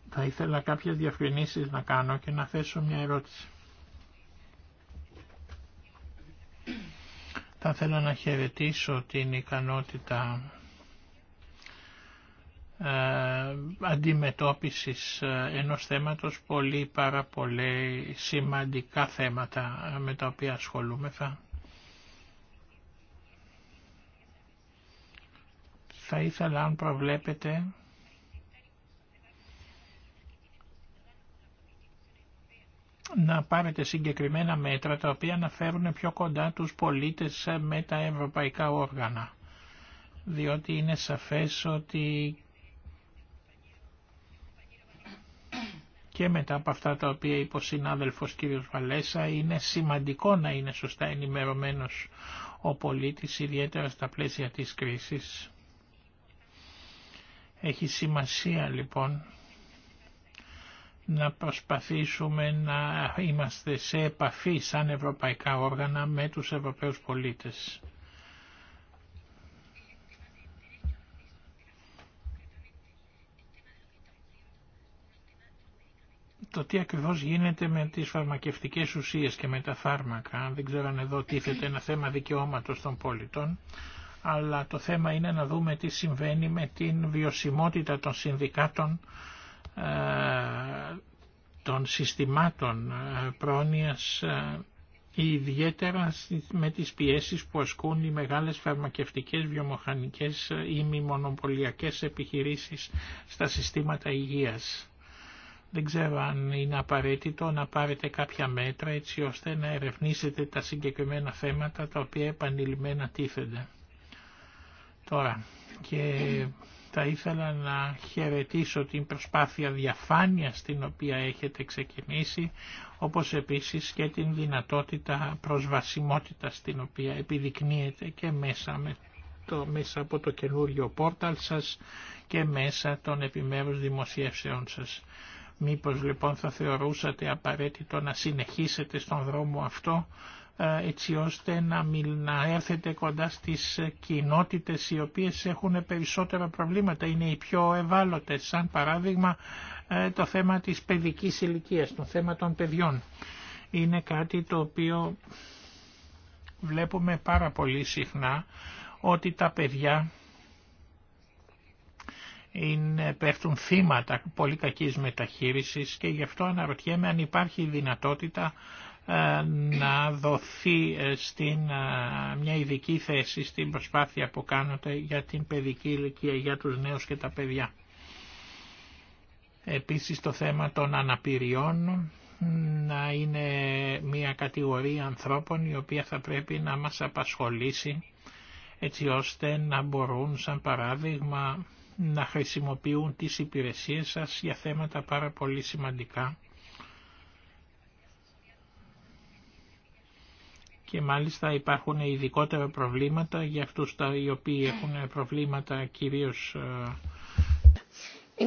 Θα ήθελα κάποιες διαφημίσεις να κάνω και να θέσω μια ερώτηση. Θα θέλω να χαιρετήσω την ικανότητα ε, αντιμετώπισης ε, ενός θέματος πολύ πάρα πολύ σημαντικά θέματα ε, με τα οποία ασχολούμεθα. Θα ήθελα αν προβλέπετε να πάρετε συγκεκριμένα μέτρα τα οποία να φέρουν πιο κοντά τους πολίτες με τα ευρωπαϊκά όργανα. Διότι είναι σαφές ότι και μετά από αυτά τα οποία είπε ο συνάδελφος κ. Βαλέσα είναι σημαντικό να είναι σωστά ενημερωμένος ο πολίτης ιδιαίτερα στα πλαίσια της κρίσης. Έχει σημασία λοιπόν να προσπαθήσουμε να είμαστε σε επαφή σαν ευρωπαϊκά όργανα με τους Ευρωπαίους πολίτες. το τι ακριβώς γίνεται με τις φαρμακευτικές ουσίες και με τα φάρμακα. Δεν ξέρω αν εδώ τίθεται ένα θέμα δικαιώματος των πολιτών, αλλά το θέμα είναι να δούμε τι συμβαίνει με την βιωσιμότητα των συνδικάτων ε, των συστημάτων ε, πρόνοιας ε, ιδιαίτερα με τις πιέσεις που ασκούν οι μεγάλες φαρμακευτικές, βιομηχανικές ή μη μονοπωλιακές επιχειρήσεις στα συστήματα υγείας. Δεν ξέρω αν είναι απαραίτητο να πάρετε κάποια μέτρα έτσι ώστε να ερευνήσετε τα συγκεκριμένα θέματα τα οποία επανειλημμένα τίθενται. Τώρα, και θα ήθελα να χαιρετήσω την προσπάθεια διαφάνειας την οποία έχετε ξεκινήσει, όπως επίσης και την δυνατότητα προσβασιμότητας την οποία επιδεικνύεται και μέσα, το, μέσα από το καινούριο πόρταλ σας και μέσα των επιμέρους δημοσίευσεών σας. Μήπως λοιπόν θα θεωρούσατε απαραίτητο να συνεχίσετε στον δρόμο αυτό ε, έτσι ώστε να, να έρθετε κοντά στις κοινότητες οι οποίες έχουν περισσότερα προβλήματα, είναι οι πιο ευάλωτες, σαν παράδειγμα ε, το θέμα της παιδικής ηλικίας, το θέμα των παιδιών. Είναι κάτι το οποίο βλέπουμε πάρα πολύ συχνά ότι τα παιδιά είναι, πέφτουν θύματα πολύ κακής μεταχείρισης και γι' αυτό αναρωτιέμαι αν υπάρχει δυνατότητα ε, να δοθεί ε, στην, ε, μια ειδική θέση στην προσπάθεια που κάνονται για την παιδική ηλικία, για τους νέους και τα παιδιά. Επίσης το θέμα των αναπηριών να είναι μια κατηγορία ανθρώπων η οποία θα πρέπει να μας απασχολήσει έτσι ώστε να μπορούν σαν παράδειγμα να χρησιμοποιούν τις υπηρεσίες σας για θέματα πάρα πολύ σημαντικά και μάλιστα υπάρχουν ειδικότερα προβλήματα για αυτούς οι οποίοι έχουν προβλήματα κυρίως... Οι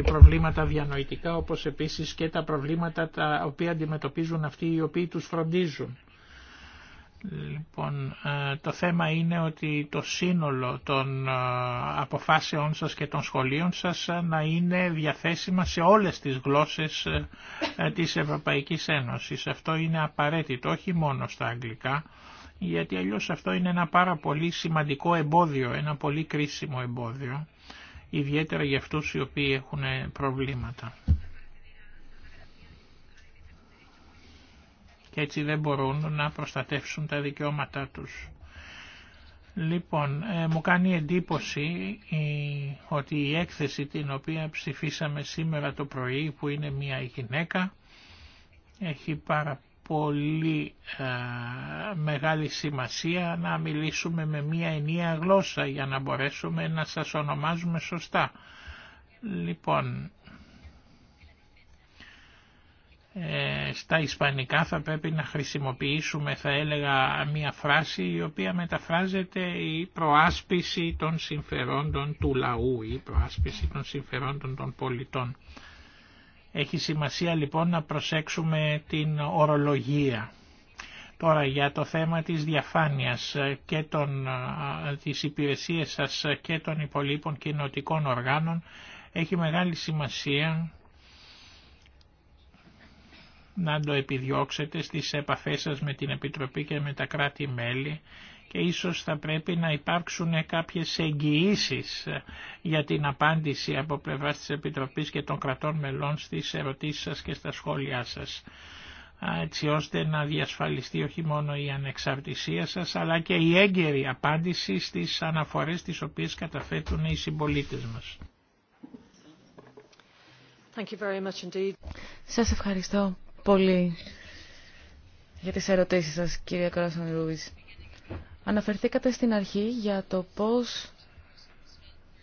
ε, προβλήματα διανοητικά όπως επίσης και τα προβλήματα τα οποία αντιμετωπίζουν αυτοί οι οποίοι τους φροντίζουν Λοιπόν, ε, το θέμα είναι ότι το σύνολο των ε, αποφάσεών σας και των σχολείων σας ε, να είναι διαθέσιμα σε όλες τις γλώσσες της Ευρωπαϊκής Ένωσης. Αυτό είναι απαραίτητο, όχι μόνο στα αγγλικά, γιατί αλλιώς αυτό είναι ένα πάρα πολύ σημαντικό εμπόδιο, ένα πολύ κρίσιμο εμπόδιο, ιδιαίτερα για αυτούς οι οποίοι έχουν προβλήματα. έτσι δεν μπορούν να προστατεύσουν τα δικαιώματά τους. Λοιπόν, ε, μου κάνει εντύπωση ότι η έκθεση την οποία ψηφίσαμε σήμερα το πρωί που είναι μια γυναίκα έχει πάρα πολύ ε, μεγάλη σημασία να μιλήσουμε με μια ενιαία γλώσσα για να μπορέσουμε να σας ονομάζουμε σωστά. Λοιπόν, ε, στα ισπανικά θα πρέπει να χρησιμοποιήσουμε θα έλεγα μια φράση η οποία μεταφράζεται η προάσπιση των συμφερόντων του λαού ή προάσπιση των συμφερόντων των πολιτών. Έχει σημασία λοιπόν να προσέξουμε την ορολογία. Τώρα για το θέμα της διαφάνειας και των, της υπηρεσίας σας και των υπολείπων κοινωτικών οργάνων έχει μεγάλη σημασία να το επιδιώξετε στις επαφές σας με την Επιτροπή και με τα κράτη-μέλη και ίσως θα πρέπει να υπάρξουν κάποιες εγγυήσει για την απάντηση από πλευράς της Επιτροπής και των κρατών μελών στις ερωτήσεις σας και στα σχόλιά σας έτσι ώστε να διασφαλιστεί όχι μόνο η ανεξαρτησία σας αλλά και η έγκαιρη απάντηση στις αναφορές τις οποίες καταθέτουν οι συμπολίτες μας. ευχαριστώ πολύ για τις ερωτήσεις σας, κυρία Κράσαν Ρούις. Αναφερθήκατε στην αρχή για το πώς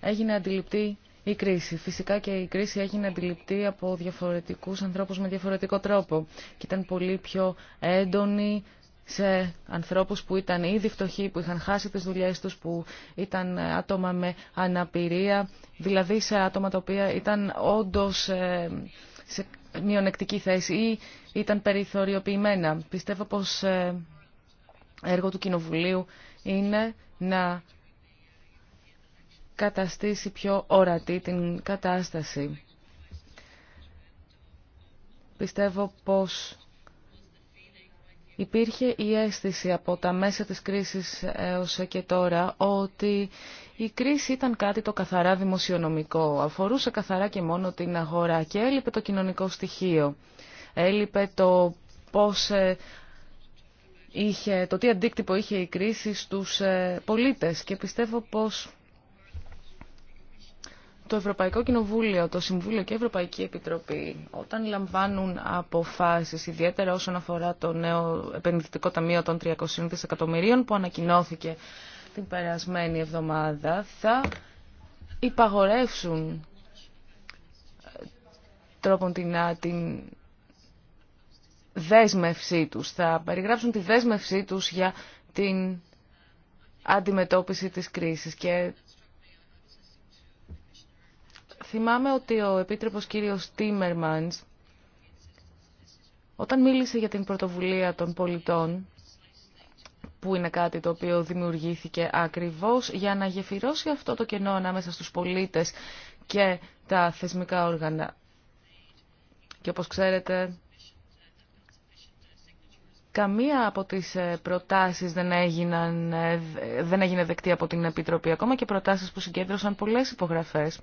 έγινε αντιληπτή η κρίση. Φυσικά και η κρίση έγινε αντιληπτή από διαφορετικούς ανθρώπους με διαφορετικό τρόπο και ήταν πολύ πιο έντονη σε ανθρώπους που ήταν ήδη φτωχοί, που είχαν χάσει τις δουλειές τους, που ήταν άτομα με αναπηρία, δηλαδή σε άτομα τα οποία ήταν όντως ε, μειονεκτική θέση ή ήταν περιθωριοποιημένα. Πιστεύω πως ε, έργο του Κοινοβουλίου είναι να καταστήσει πιο ορατή την κατάσταση. Πιστεύω πως Υπήρχε η αίσθηση από τα μέσα της κρίσης έως και τώρα ότι η κρίση ήταν κάτι το καθαρά δημοσιονομικό, αφορούσε καθαρά και μόνο την αγορά και έλειπε το κοινωνικό στοιχείο, έλειπε το πώς ε, είχε, το τι αντίκτυπο είχε η κρίση στους ε, πολίτες και πιστεύω πως το Ευρωπαϊκό Κοινοβούλιο, το Συμβούλιο και η Ευρωπαϊκή Επιτροπή όταν λαμβάνουν αποφάσεις, ιδιαίτερα όσον αφορά το νέο επενδυτικό ταμείο των 300 δισεκατομμυρίων που ανακοινώθηκε την περασμένη εβδομάδα, θα υπαγορεύσουν ε, τρόπον την, την δέσμευσή τους. Θα περιγράψουν τη δέσμευσή τους για την αντιμετώπιση της κρίσης και Θυμάμαι ότι ο Επίτροπος κύριος Τίμερμανς, όταν μίλησε για την πρωτοβουλία των πολιτών, που είναι κάτι το οποίο δημιουργήθηκε ακριβώς για να γεφυρώσει αυτό το κενό ανάμεσα στους πολίτες και τα θεσμικά όργανα. Και όπως ξέρετε, Καμία από τις ε, προτάσεις δεν, έγιναν, ε, δεν έγινε δεκτή από την Επιτροπή, ακόμα και προτάσεις που συγκέντρωσαν πολλές υπογραφές.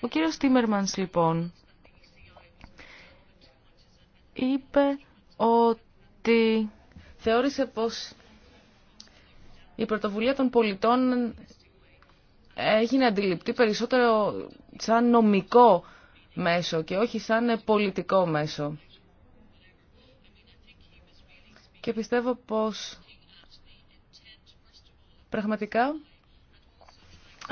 Ο κύριος Τίμερμανς, λοιπόν, είπε ότι θεώρησε πως η πρωτοβουλία των πολιτών έγινε αντιληπτή περισσότερο σαν νομικό μέσο και όχι σαν πολιτικό μέσο και πιστεύω πως πραγματικά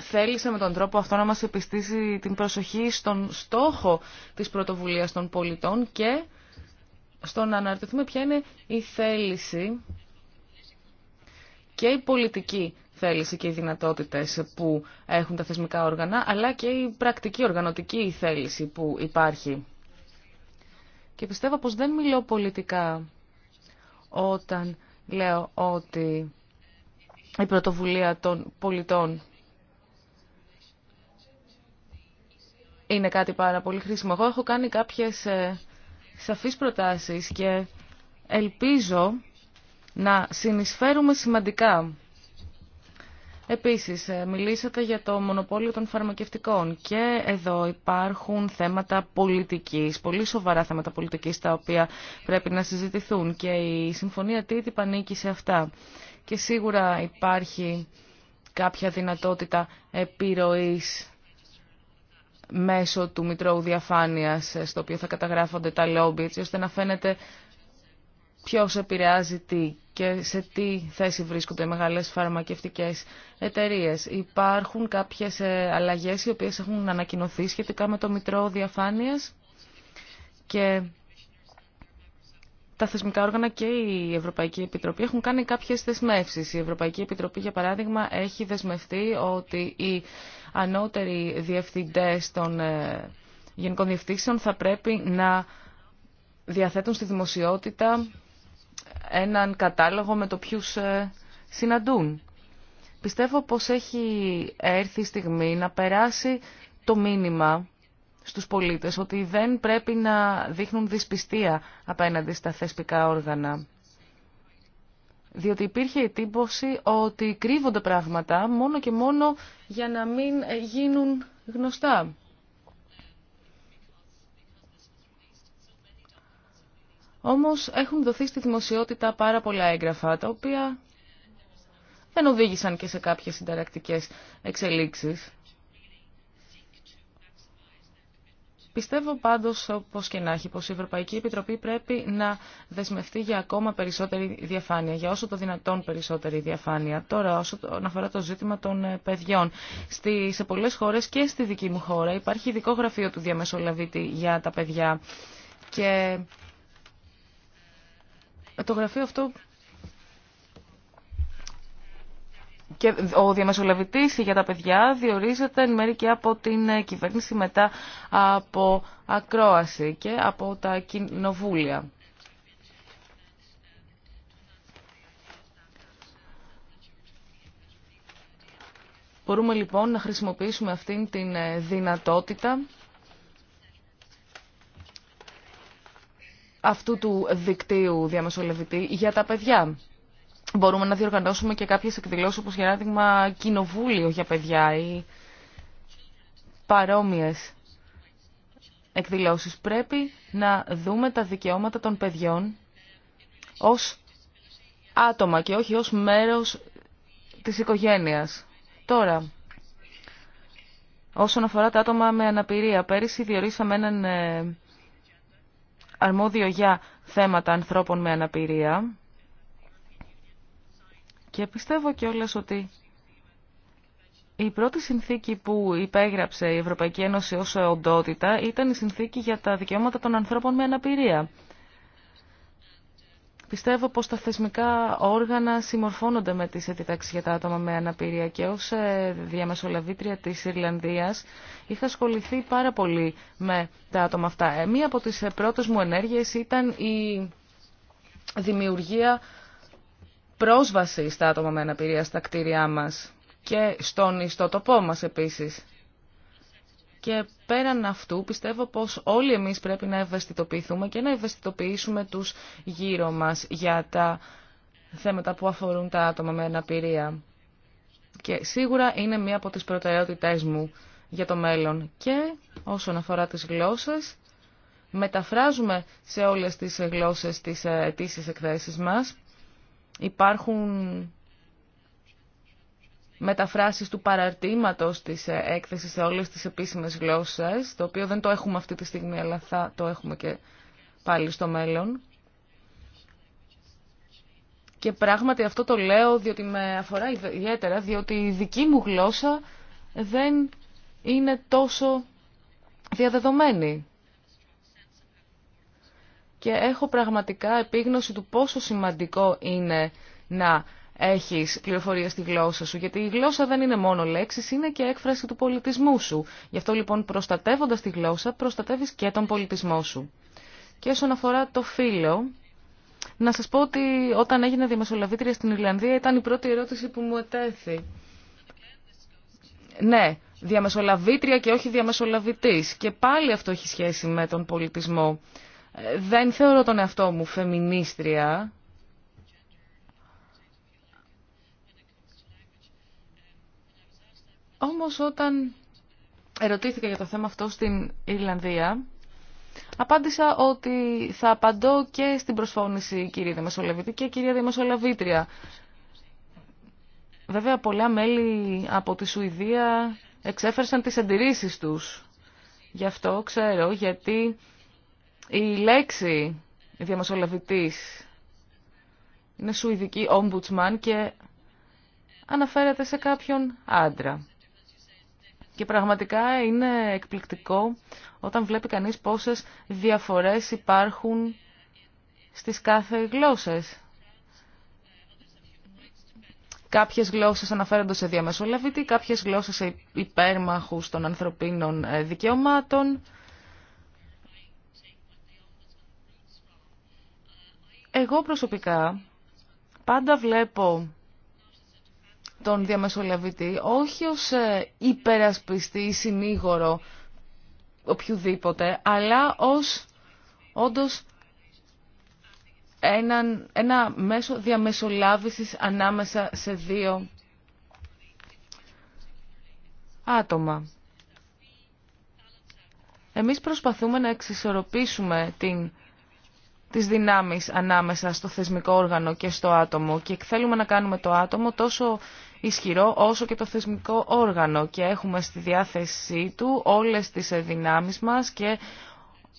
θέλησε με τον τρόπο αυτό να μας επιστήσει την προσοχή στον στόχο της πρωτοβουλίας των πολιτών και στο να αναρτηθούμε ποια είναι η θέληση και η πολιτική θέληση και οι δυνατότητες που έχουν τα θεσμικά όργανα, αλλά και η πρακτική οργανωτική θέληση που υπάρχει. Και πιστεύω πως δεν μιλώ πολιτικά όταν λέω ότι η πρωτοβουλία των πολιτών είναι κάτι πάρα πολύ χρήσιμο. Εγώ έχω κάνει κάποιες ε, σαφείς προτάσεις και ελπίζω να συνεισφέρουμε σημαντικά Επίσης, ε, μιλήσατε για το μονοπόλιο των φαρμακευτικών και εδώ υπάρχουν θέματα πολιτικής, πολύ σοβαρά θέματα πολιτικής τα οποία πρέπει να συζητηθούν και η Συμφωνία TTIP ανήκει σε αυτά. Και σίγουρα υπάρχει κάποια δυνατότητα επιρροής μέσω του Μητρώου Διαφάνειας ε, στο οποίο θα καταγράφονται τα λόμπι έτσι ώστε να φαίνεται ποιος επηρεάζει τι και σε τι θέση βρίσκονται οι μεγάλες φαρμακευτικές εταιρείες. Υπάρχουν κάποιες ε, αλλαγές οι οποίες έχουν ανακοινωθεί σχετικά με το Μητρό Διαφάνειας και τα θεσμικά όργανα και η Ευρωπαϊκή Επιτροπή έχουν κάνει κάποιες δεσμεύσεις. Η Ευρωπαϊκή Επιτροπή, για παράδειγμα, έχει δεσμευτεί ότι οι ανώτεροι διευθυντές των ε, γενικών διευθύνσεων θα πρέπει να διαθέτουν στη δημοσιότητα έναν κατάλογο με το ποιους ε, συναντούν. Πιστεύω πως έχει έρθει η στιγμή να περάσει το μήνυμα στους πολίτες ότι δεν πρέπει να δείχνουν δυσπιστία απέναντι στα θεσπικά όργανα. Διότι υπήρχε η τύπωση ότι κρύβονται πράγματα μόνο και μόνο για να μην ε, γίνουν γνωστά. Όμως έχουν δοθεί στη δημοσιότητα πάρα πολλά έγγραφα, τα οποία δεν οδήγησαν και σε κάποιες συνταρακτικές εξελίξεις. Πιστεύω πάντως, όπως και να έχει, πως η Ευρωπαϊκή Επιτροπή πρέπει να δεσμευτεί για ακόμα περισσότερη διαφάνεια, για όσο το δυνατόν περισσότερη διαφάνεια. Τώρα, όσον αφορά το ζήτημα των ε, παιδιών, σε πολλές χώρες και στη δική μου χώρα υπάρχει ειδικό γραφείο του διαμεσολαβήτη για τα παιδιά και το γραφείο αυτό και ο διαμεσολαβητής για τα παιδιά διορίζεται εν μέρει και από την κυβέρνηση μετά από ακρόαση και από τα κοινοβούλια. Μπορούμε λοιπόν να χρησιμοποιήσουμε αυτήν την ε, δυνατότητα αυτού του δικτύου διαμεσολαβητή για τα παιδιά. Μπορούμε να διοργανώσουμε και κάποιες εκδηλώσεις όπως για παράδειγμα κοινοβούλιο για παιδιά ή παρόμοιες εκδηλώσεις. Πρέπει να δούμε τα δικαιώματα των παιδιών ως άτομα και όχι ως μέρος της οικογένειας. Τώρα, όσον αφορά τα άτομα με αναπηρία, πέρυσι διορίσαμε έναν ε, αρμόδιο για θέματα ανθρώπων με αναπηρία και πιστεύω κιόλας ότι η πρώτη συνθήκη που υπέγραψε η Ευρωπαϊκή Ένωση ως οντότητα ήταν η συνθήκη για τα δικαιώματα των ανθρώπων με αναπηρία. Πιστεύω πως τα θεσμικά όργανα συμμορφώνονται με τις επιτάξεις για τα άτομα με αναπηρία και ως ε, διαμεσολαβήτρια της Ιρλανδίας είχα ασχοληθεί πάρα πολύ με τα άτομα αυτά. Ε, μία από τις ε, πρώτες μου ενέργειες ήταν η δημιουργία πρόσβασης στα άτομα με αναπηρία στα κτίρια μας και στον ιστότοπό μας επίσης. Και πέραν αυτού πιστεύω πως όλοι εμείς πρέπει να ευαισθητοποιηθούμε και να ευαισθητοποιήσουμε τους γύρω μας για τα θέματα που αφορούν τα άτομα με αναπηρία. Και σίγουρα είναι μία από τις προτεραιότητές μου για το μέλλον. Και όσον αφορά τις γλώσσες, μεταφράζουμε σε όλες τις γλώσσες τις ετήσιες εκθέσεις μας. Υπάρχουν μεταφράσεις του παραρτήματος της ε, έκθεσης σε όλες τις επίσημες γλώσσες, το οποίο δεν το έχουμε αυτή τη στιγμή, αλλά θα το έχουμε και πάλι στο μέλλον. Και πράγματι αυτό το λέω διότι με αφορά ιδιαίτερα, διότι η δική μου γλώσσα δεν είναι τόσο διαδεδομένη. Και έχω πραγματικά επίγνωση του πόσο σημαντικό είναι να έχεις πληροφορία στη γλώσσα σου, γιατί η γλώσσα δεν είναι μόνο λέξεις, είναι και έκφραση του πολιτισμού σου. Γι' αυτό λοιπόν προστατεύοντας τη γλώσσα, προστατεύεις και τον πολιτισμό σου. Και όσον αφορά το φίλο, να σας πω ότι όταν έγινε διαμεσολαβήτρια στην Ιρλανδία ήταν η πρώτη ερώτηση που μου ετέθη. Ναι, διαμεσολαβήτρια και όχι διαμεσολαβητής. Και πάλι αυτό έχει σχέση με τον πολιτισμό. Ε, δεν θεωρώ τον εαυτό μου φεμινίστρια, Όμως όταν ερωτήθηκα για το θέμα αυτό στην Ιρλανδία, απάντησα ότι θα απαντώ και στην προσφώνηση κυρία Δημοσολαβήτη και κυρία Δημοσολαβήτρια. Βέβαια πολλά μέλη από τη Σουηδία εξέφερσαν τις αντιρρήσεις τους. Γι' αυτό ξέρω γιατί η λέξη διαμεσολαβητής είναι σουηδική ombudsman και αναφέρεται σε κάποιον άντρα. Και πραγματικά είναι εκπληκτικό όταν βλέπει κανείς πόσες διαφορές υπάρχουν στις κάθε γλώσσες. Κάποιες γλώσσες αναφέρονται σε διαμεσολαβητή, κάποιες γλώσσες σε υπέρμαχους των ανθρωπίνων ε, δικαιωμάτων. Εγώ προσωπικά πάντα βλέπω τον διαμεσολαβητή όχι ως ε, υπερασπιστή ή συνήγορο οποιοδήποτε, αλλά ως όντως ένα, ένα μέσο διαμεσολάβησης ανάμεσα σε δύο άτομα. Εμείς προσπαθούμε να εξισορροπήσουμε την, τις δυνάμεις ανάμεσα στο θεσμικό όργανο και στο άτομο και θέλουμε να κάνουμε το άτομο τόσο ισχυρό όσο και το θεσμικό όργανο και έχουμε στη διάθεσή του όλες τις δυνάμεις μας και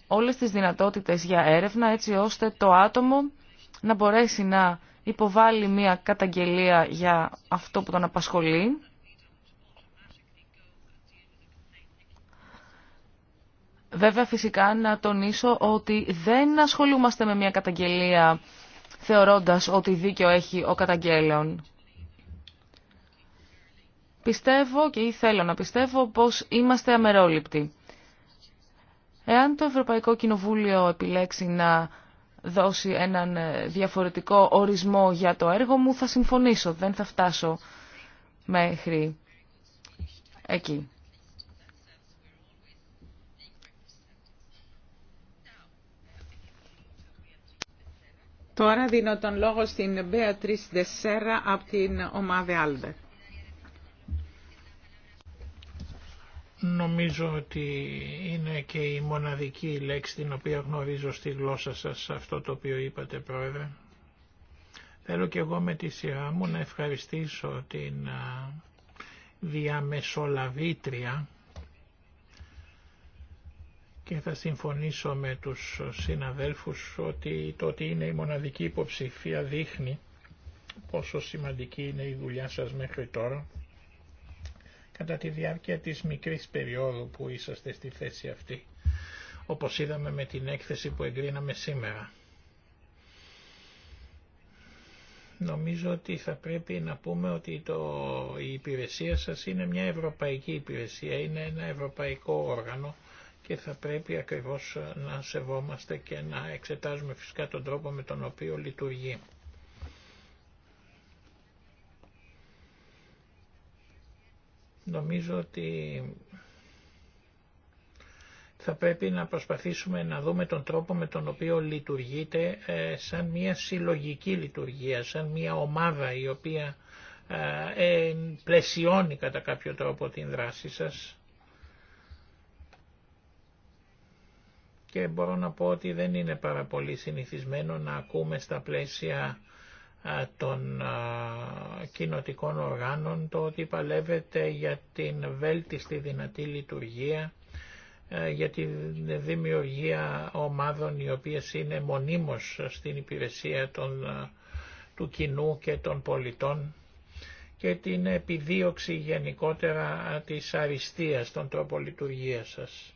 όλες τις δυνατότητες για έρευνα έτσι ώστε το άτομο να μπορέσει να υποβάλει μια καταγγελία για αυτό που τον απασχολεί. Βέβαια φυσικά να τονίσω ότι δεν ασχολούμαστε με μια καταγγελία θεωρώντας ότι δίκιο έχει ο καταγγέλων. Πιστεύω και θέλω να πιστεύω πως είμαστε αμερόληπτοι. Εάν το Ευρωπαϊκό Κοινοβούλιο επιλέξει να δώσει έναν ε, διαφορετικό ορισμό για το έργο μου, θα συμφωνήσω, δεν θα φτάσω μέχρι εκεί. Τώρα δίνω τον λόγο στην Μπέατρις Δεσέρα από την ομάδα Άλβερ. Νομίζω ότι είναι και η μοναδική λέξη την οποία γνωρίζω στη γλώσσα σας αυτό το οποίο είπατε πρόεδρε. Θέλω και εγώ με τη σειρά μου να ευχαριστήσω την διαμεσολαβήτρια και θα συμφωνήσω με τους συναδέλφους ότι το ότι είναι η μοναδική υποψηφία δείχνει πόσο σημαντική είναι η δουλειά σας μέχρι τώρα κατά τη διάρκεια της μικρής περίοδου που είσαστε στη θέση αυτή, όπως είδαμε με την έκθεση που εγκρίναμε σήμερα. Νομίζω ότι θα πρέπει να πούμε ότι το, η υπηρεσία σας είναι μια ευρωπαϊκή υπηρεσία, είναι ένα ευρωπαϊκό όργανο και θα πρέπει ακριβώς να σεβόμαστε και να εξετάζουμε φυσικά τον τρόπο με τον οποίο λειτουργεί. Νομίζω ότι θα πρέπει να προσπαθήσουμε να δούμε τον τρόπο με τον οποίο λειτουργείτε σαν μια συλλογική λειτουργία, σαν μια ομάδα η οποία ε, ε, πλαισιώνει κατά κάποιο τρόπο την δράση σας. Και μπορώ να πω ότι δεν είναι πάρα πολύ συνηθισμένο να ακούμε στα πλαίσια των κοινοτικών οργάνων, το ότι παλεύετε για την βέλτιστη δυνατή λειτουργία, για τη δημιουργία ομάδων οι οποίες είναι μονίμως στην υπηρεσία των, του κοινού και των πολιτών και την επιδίωξη γενικότερα της αριστείας των τρόπων λειτουργίας σας.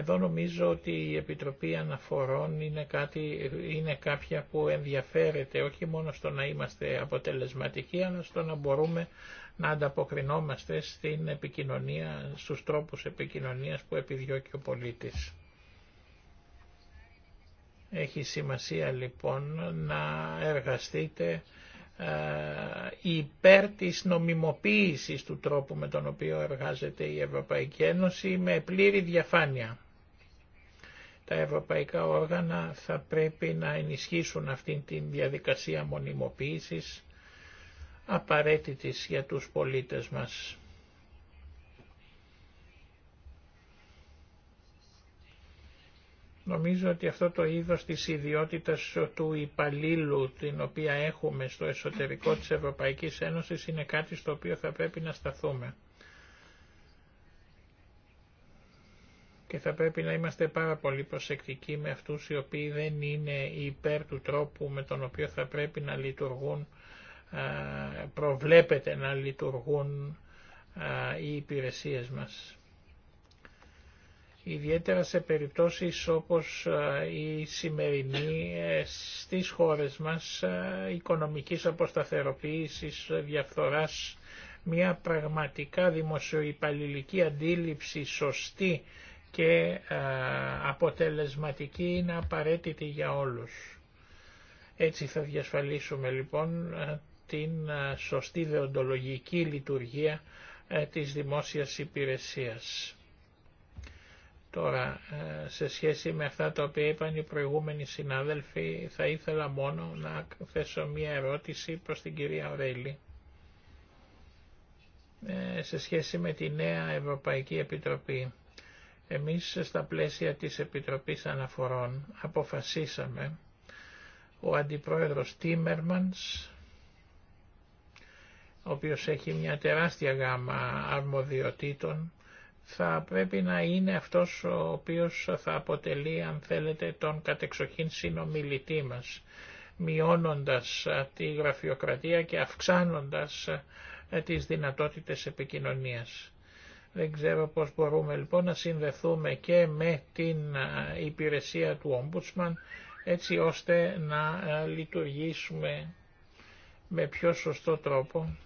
Εδώ νομίζω ότι η Επιτροπή Αναφορών είναι, κάτι, είναι κάποια που ενδιαφέρεται όχι μόνο στο να είμαστε αποτελεσματικοί, αλλά στο να μπορούμε να ανταποκρινόμαστε στην επικοινωνία, στους τρόπους επικοινωνίας που επιδιώκει ο πολίτης. Έχει σημασία λοιπόν να εργαστείτε ε, υπέρ της νομιμοποίησης του τρόπου με τον οποίο εργάζεται η Ευρωπαϊκή Ένωση με πλήρη διαφάνεια τα ευρωπαϊκά όργανα θα πρέπει να ενισχύσουν αυτήν την διαδικασία μονιμοποίησης απαραίτητης για τους πολίτες μας. Νομίζω ότι αυτό το είδος της ιδιότητας του υπαλλήλου την οποία έχουμε στο εσωτερικό της Ευρωπαϊκής Ένωσης είναι κάτι στο οποίο θα πρέπει να σταθούμε. και θα πρέπει να είμαστε πάρα πολύ προσεκτικοί με αυτούς οι οποίοι δεν είναι υπέρ του τρόπου με τον οποίο θα πρέπει να λειτουργούν, προβλέπεται να λειτουργούν οι υπηρεσίες μας. Ιδιαίτερα σε περιπτώσεις όπως η σημερινή ε, στις χώρες μας οικονομικής αποσταθεροποίησης, διαφθοράς, μια πραγματικά δημοσιοϊπαλληλική αντίληψη σωστή και ε, αποτελεσματική είναι απαραίτητη για όλους. Έτσι θα διασφαλίσουμε λοιπόν ε, την ε, σωστή δεοντολογική λειτουργία της δημόσιας υπηρεσίας. Τώρα, σε σχέση με αυτά τα οποία είπαν οι προηγούμενοι συνάδελφοι, θα ήθελα μόνο να θέσω μία ερώτηση προς την κυρία Ρέλη. Σε σχέση με τη νέα Ευρωπαϊκή Επιτροπή. Εμείς στα πλαίσια της Επιτροπής Αναφορών αποφασίσαμε ο Αντιπρόεδρος Τίμερμανς, ο οποίος έχει μια τεράστια γάμα αρμοδιοτήτων, θα πρέπει να είναι αυτός ο οποίος θα αποτελεί, αν θέλετε, τον κατεξοχήν συνομιλητή μας, μειώνοντας τη γραφειοκρατία και αυξάνοντας τις δυνατότητες επικοινωνίας. Δεν ξέρω πώς μπορούμε λοιπόν να συνδεθούμε και με την υπηρεσία του Ombudsman έτσι ώστε να λειτουργήσουμε με πιο σωστό τρόπο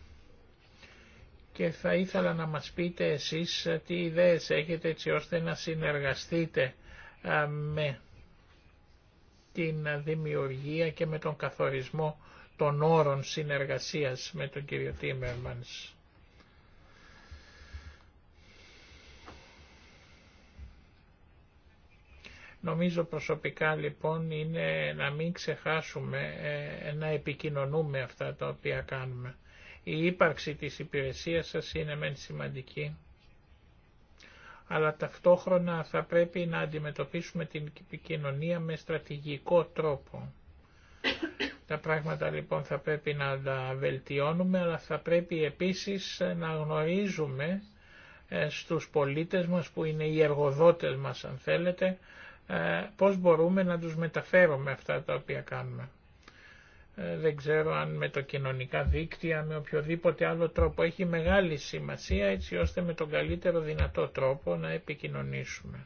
και θα ήθελα να μας πείτε εσείς τι ιδέες έχετε έτσι ώστε να συνεργαστείτε με την δημιουργία και με τον καθορισμό των όρων συνεργασίας με τον κύριο Τίμερμανς. Νομίζω προσωπικά λοιπόν είναι να μην ξεχάσουμε ε, να επικοινωνούμε αυτά τα οποία κάνουμε. Η ύπαρξη της υπηρεσίας σας είναι μεν σημαντική, αλλά ταυτόχρονα θα πρέπει να αντιμετωπίσουμε την επικοινωνία με στρατηγικό τρόπο. Τα πράγματα λοιπόν θα πρέπει να τα βελτιώνουμε, αλλά θα πρέπει επίσης να γνωρίζουμε ε, στους πολίτες μας που είναι οι εργοδότες μας αν θέλετε, ε, πώς μπορούμε να τους μεταφέρουμε αυτά τα οποία κάνουμε. Ε, δεν ξέρω αν με το κοινωνικά δίκτυα, με οποιοδήποτε άλλο τρόπο. Έχει μεγάλη σημασία έτσι ώστε με τον καλύτερο δυνατό τρόπο να επικοινωνήσουμε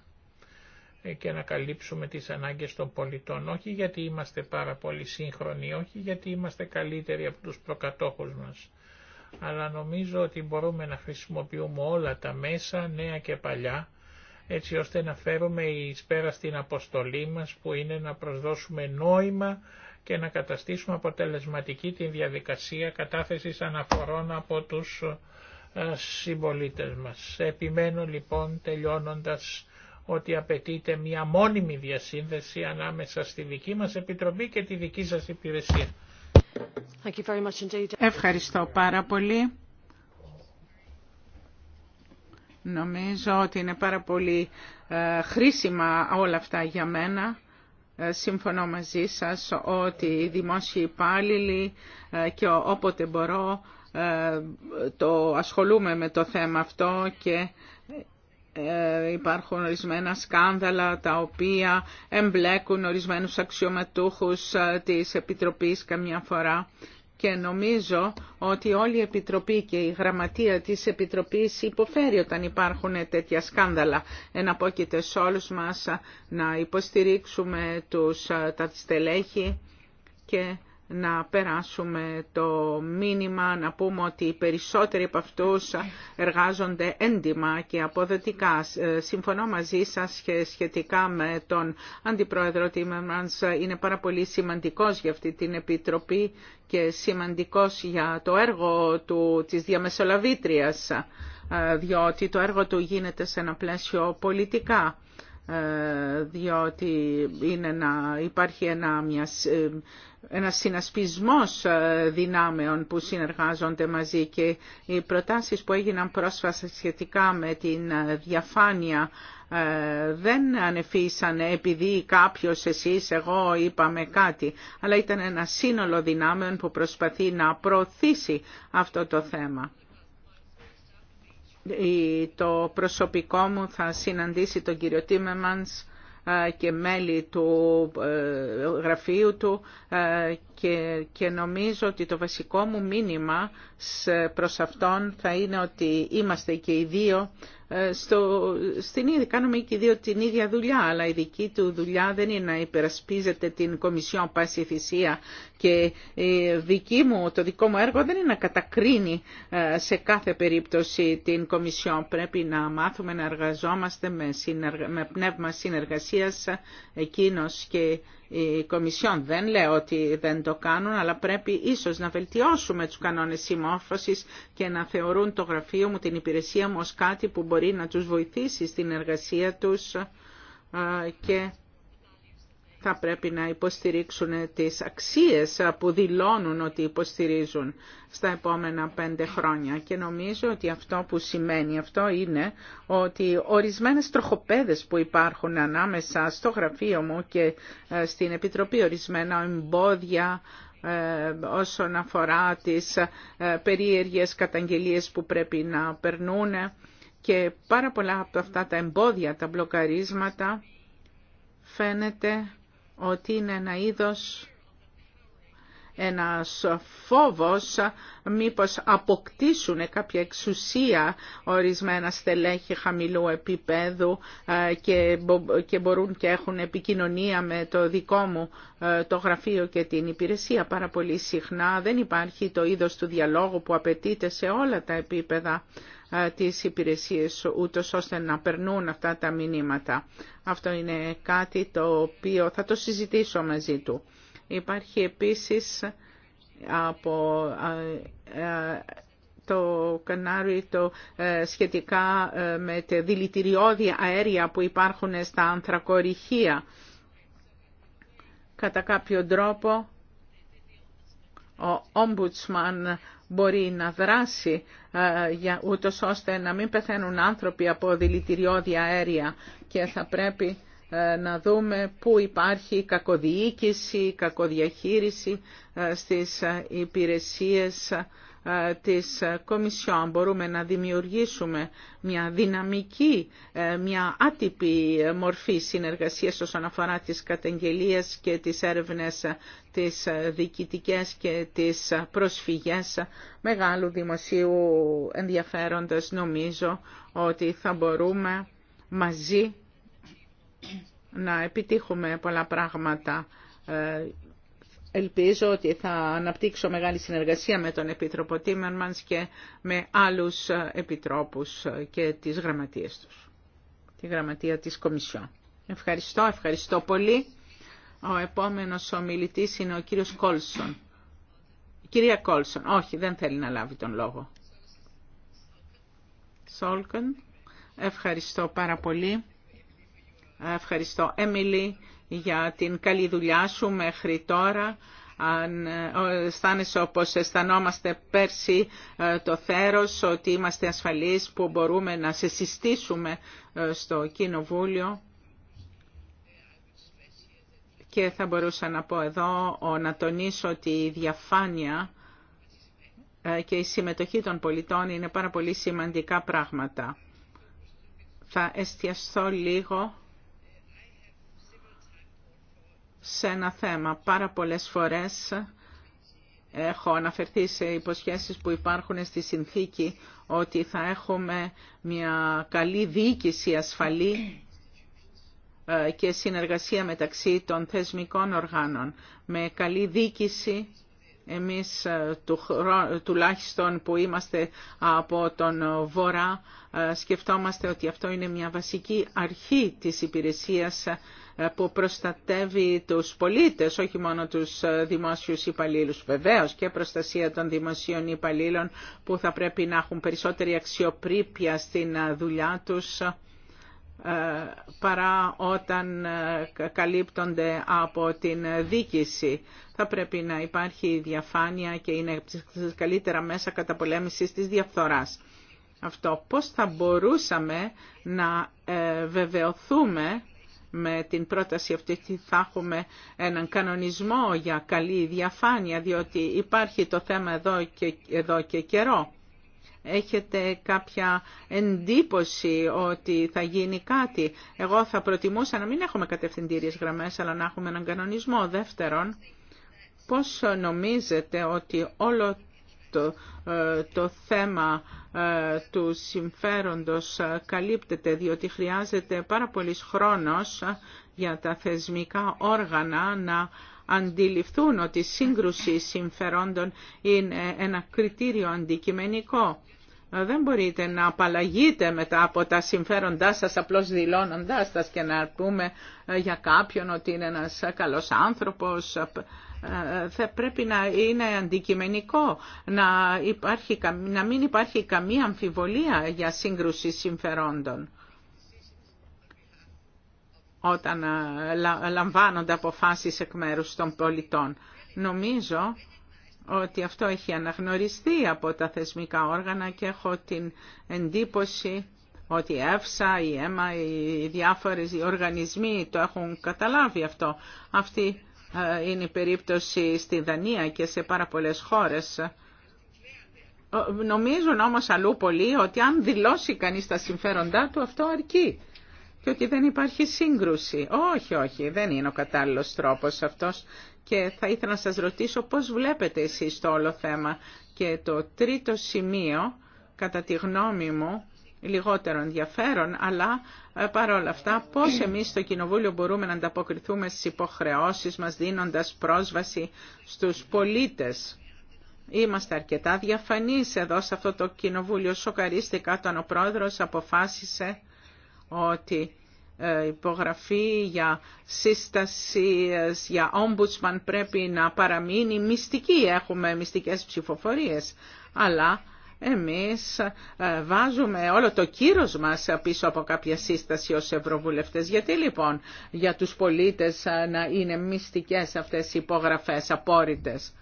ε, και να καλύψουμε τις ανάγκες των πολιτών. Όχι γιατί είμαστε πάρα πολύ σύγχρονοι, όχι γιατί είμαστε καλύτεροι από τους προκατόχους μας. Αλλά νομίζω ότι μπορούμε να χρησιμοποιούμε όλα τα μέσα, νέα και παλιά, έτσι ώστε να φέρουμε εις πέρα στην αποστολή μας που είναι να προσδώσουμε νόημα και να καταστήσουμε αποτελεσματική τη διαδικασία κατάθεσης αναφορών από τους ε, συμπολίτες μας. Επιμένω λοιπόν τελειώνοντας ότι απαιτείται μια μόνιμη διασύνδεση ανάμεσα στη δική μας Επιτροπή και τη δική σας υπηρεσία. Ευχαριστώ πάρα πολύ. Νομίζω ότι είναι πάρα πολύ ε, χρήσιμα όλα αυτά για μένα. Ε, συμφωνώ μαζί σας ότι οι δημόσιοι υπάλληλοι ε, και όποτε μπορώ το ασχολούμαι με το θέμα αυτό και υπάρχουν ορισμένα σκάνδαλα τα οποία εμπλέκουν ορισμένους αξιωματούχους της Επιτροπής καμιά φορά και νομίζω ότι όλη η Επιτροπή και η Γραμματεία της Επιτροπής υποφέρει όταν υπάρχουν τέτοια σκάνδαλα. Εναπόκειται σε όλους μας να υποστηρίξουμε τους, τα στελέχη και να περάσουμε το μήνυμα, να πούμε ότι οι περισσότεροι από αυτούς εργάζονται έντιμα και αποδοτικά. Ε, συμφωνώ μαζί σας σχετικά με τον Αντιπρόεδρο Τίμερμανς, είναι πάρα πολύ σημαντικός για αυτή την Επιτροπή και σημαντικός για το έργο του, της διαμεσολαβήτριας, ε, διότι το έργο του γίνεται σε ένα πλαίσιο πολιτικά ε, διότι είναι να υπάρχει ένα, μια ένας συνασπισμός ε, δυνάμεων που συνεργάζονται μαζί και οι προτάσεις που έγιναν πρόσφατα σχετικά με την ε, διαφάνεια ε, δεν ανεφίσανε επειδή κάποιος, εσείς, εγώ είπαμε κάτι, αλλά ήταν ένα σύνολο δυνάμεων που προσπαθεί να προωθήσει αυτό το θέμα. Το προσωπικό μου θα συναντήσει τον κύριο Τίμεμανς και μέλη του ε, γραφείου του και νομίζω ότι το βασικό μου μήνυμα προς αυτόν θα είναι ότι είμαστε και οι δύο ε, στο, στην ίδια, κάνουμε και δύο την ίδια δουλειά, αλλά η δική του δουλειά δεν είναι να υπερασπίζεται την Κομισιόν Πάση Θυσία και δική μου, το δικό μου έργο δεν είναι να κατακρίνει ε, σε κάθε περίπτωση την Κομισιόν. Πρέπει να μάθουμε να εργαζόμαστε με, συνεργα... με πνεύμα συνεργασίας ε, εκείνος και η Κομισιόν. Δεν λέω ότι δεν το κάνουν, αλλά πρέπει ίσως να βελτιώσουμε τους κανόνες συμμόρφωσης και να θεωρούν το γραφείο μου, την υπηρεσία μου ως κάτι που μπορεί να τους βοηθήσει στην εργασία τους ε, και θα πρέπει να υποστηρίξουν τις αξίες που δηλώνουν ότι υποστηρίζουν στα επόμενα πέντε χρόνια. Και νομίζω ότι αυτό που σημαίνει αυτό είναι ότι ορισμένες τροχοπέδες που υπάρχουν ανάμεσα στο γραφείο μου και ε, στην Επιτροπή ορισμένα εμπόδια ε, όσον αφορά τις ε, περίεργες καταγγελίες που πρέπει να περνούν και πάρα πολλά από αυτά τα εμπόδια, τα μπλοκαρίσματα φαίνεται ότι είναι ένα είδος ένας φόβος μήπως αποκτήσουν κάποια εξουσία ορισμένα στελέχη χαμηλού επίπεδου ε, και μπορούν και έχουν επικοινωνία με το δικό μου ε, το γραφείο και την υπηρεσία. Πάρα πολύ συχνά δεν υπάρχει το είδος του διαλόγου που απαιτείται σε όλα τα επίπεδα ε, τις υπηρεσίες ούτως ώστε να περνούν αυτά τα μηνύματα. Αυτό είναι κάτι το οποίο θα το συζητήσω μαζί του. Υπάρχει επίσης από το Κανάρι το, ε, σχετικά ε, με τα δηλητηριώδη αέρια που υπάρχουν στα ανθρακοριχεία. Κατά κάποιο τρόπο ο Ombudsman μπορεί να δράσει ε, για ούτως ώστε να μην πεθαίνουν άνθρωποι από δηλητηριώδη αέρια και θα πρέπει ε, να δούμε πού υπάρχει κακοδιοίκηση, κακοδιαχείριση ε, στις ε, υπηρεσίες της Κομισιόν. Μπορούμε να δημιουργήσουμε μια δυναμική, μια άτυπη μορφή συνεργασίας όσον αφορά τις κατεγγελίες και τις έρευνες τις διοικητικές και τις προσφυγές μεγάλου δημοσίου ενδιαφέροντας. Νομίζω ότι θα μπορούμε μαζί να επιτύχουμε πολλά πράγματα. Ε, ελπίζω ότι θα αναπτύξω μεγάλη συνεργασία με τον Επίτροπο Τίμερμανς και με άλλους ε, επιτρόπους ε, και τις γραμματείες τους. Τη γραμματεία της Κομισιόν. Ευχαριστώ, ευχαριστώ πολύ. Ο επόμενος ομιλητής είναι ο κύριος Κόλσον. κυρία Κόλσον, όχι, δεν θέλει να λάβει τον λόγο. Σόλκον, ευχαριστώ πάρα πολύ. Ευχαριστώ, Έμιλι, για την καλή δουλειά σου μέχρι τώρα. Αν ε, αισθάνεσαι όπως αισθανόμαστε πέρσι ε, το θέρος, ότι είμαστε ασφαλείς που μπορούμε να σε συστήσουμε ε, στο Κοινοβούλιο. Και θα μπορούσα να πω εδώ να τονίσω ότι η διαφάνεια και η συμμετοχή των πολιτών είναι πάρα πολύ σημαντικά πράγματα. Θα εστιαστώ λίγο σε ένα θέμα. Πάρα πολλές φορές έχω αναφερθεί σε υποσχέσεις που υπάρχουν στη συνθήκη ότι θα έχουμε μια καλή διοίκηση ασφαλή ε, και συνεργασία μεταξύ των θεσμικών οργάνων. Με καλή διοίκηση εμείς ε, του, τουλάχιστον που είμαστε από τον Βορρά ε, σκεφτόμαστε ότι αυτό είναι μια βασική αρχή της υπηρεσίας που προστατεύει τους πολίτες, όχι μόνο τους ε, δημόσιους υπαλλήλους. Βεβαίως και προστασία των δημοσίων υπαλλήλων που θα πρέπει να έχουν περισσότερη αξιοπρίπεια στην ε, δουλειά τους ε, παρά όταν καλύπτονται από την δίκηση. Θα πρέπει να υπάρχει διαφάνεια και είναι καλύτερα μέσα καταπολέμησης της διαφθοράς. Αυτό πώς θα μπορούσαμε να βεβαιωθούμε με την πρόταση αυτή θα έχουμε έναν κανονισμό για καλή διαφάνεια, διότι υπάρχει το θέμα εδώ και, εδώ και καιρό. Έχετε κάποια εντύπωση ότι θα γίνει κάτι. Εγώ θα προτιμούσα να μην έχουμε κατευθυντήριες γραμμές, αλλά να έχουμε έναν κανονισμό. Δεύτερον, πώς νομίζετε ότι όλο ε, το, θέμα ε, του συμφέροντος ε, καλύπτεται διότι χρειάζεται πάρα πολύς χρόνος για τα θεσμικά όργανα να αντιληφθούν ότι η σύγκρουση συμφερόντων είναι ένα κριτήριο αντικειμενικό. Δεν μπορείτε να απαλλαγείτε μετά από τα συμφέροντά σας απλώς δηλώνοντάς σας και να πούμε για κάποιον ότι είναι ένας καλός άνθρωπος, θα πρέπει να είναι αντικειμενικό, να, υπάρχει, να μην υπάρχει καμία αμφιβολία για σύγκρουση συμφερόντων όταν ε, λαμβάνονται αποφάσεις εκ μέρους των πολιτών. Νομίζω ότι αυτό έχει αναγνωριστεί από τα θεσμικά όργανα και έχω την εντύπωση ότι η ΕΦΣΑ, η ΕΜΑ, οι διάφορες οργανισμοί το έχουν καταλάβει αυτό. Αυτή είναι η περίπτωση στη Δανία και σε πάρα πολλές χώρες. Νομίζουν όμως αλλού πολλοί ότι αν δηλώσει κανείς τα συμφέροντά του αυτό αρκεί και ότι δεν υπάρχει σύγκρουση. Όχι, όχι, δεν είναι ο κατάλληλος τρόπος αυτός και θα ήθελα να σας ρωτήσω πώς βλέπετε εσείς το όλο θέμα. Και το τρίτο σημείο, κατά τη γνώμη μου, λιγότερο ενδιαφέρον, αλλά ε, παρόλα αυτά πώς εμείς στο Κοινοβούλιο μπορούμε να ανταποκριθούμε στις υποχρεώσεις μας δίνοντας πρόσβαση στους πολίτες. Είμαστε αρκετά διαφανείς εδώ σε αυτό το Κοινοβούλιο. Σοκαρίστηκα όταν ο πρόεδρος αποφάσισε ότι ε, υπογραφή για σύσταση, για όμπουτσμαν πρέπει να παραμείνει μυστική. Έχουμε μυστικές ψηφοφορίες, αλλά εμείς ε, βάζουμε όλο το κύρος μας πίσω από κάποια σύσταση ως ευρωβουλευτές. Γιατί λοιπόν για τους πολίτες ε, να είναι μυστικές αυτές οι υπογραφές, απόρριτες.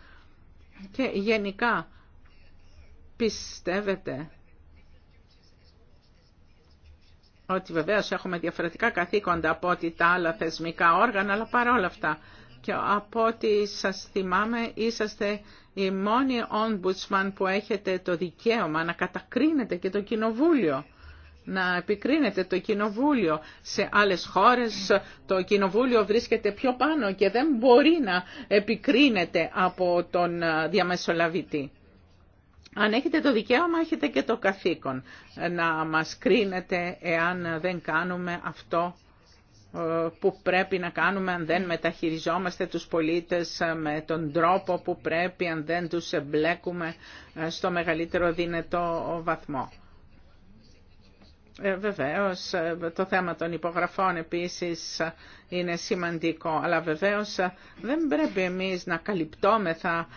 Και γενικά πιστεύετε ότι βεβαίως έχουμε διαφορετικά καθήκοντα από ό,τι τα άλλα θεσμικά όργανα, αλλά παρόλα αυτά και από ό,τι σας θυμάμαι είσαστε η μόνη ombudsman που έχετε το δικαίωμα να κατακρίνετε και το κοινοβούλιο να επικρίνετε το κοινοβούλιο σε άλλες χώρες. Το κοινοβούλιο βρίσκεται πιο πάνω και δεν μπορεί να επικρίνεται από τον ε, διαμεσολαβητή. Αν έχετε το δικαίωμα, έχετε και το καθήκον να μας κρίνετε εάν δεν κάνουμε αυτό ε, που πρέπει να κάνουμε αν δεν μεταχειριζόμαστε τους πολίτες ε, με τον τρόπο που πρέπει, αν δεν τους εμπλέκουμε ε, στο μεγαλύτερο δυνατό βαθμό. Ε, βεβαίως, το θέμα των υπογραφών επίσης είναι σημαντικό, αλλά βεβαίως δεν πρέπει εμείς να καλυπτόμεθα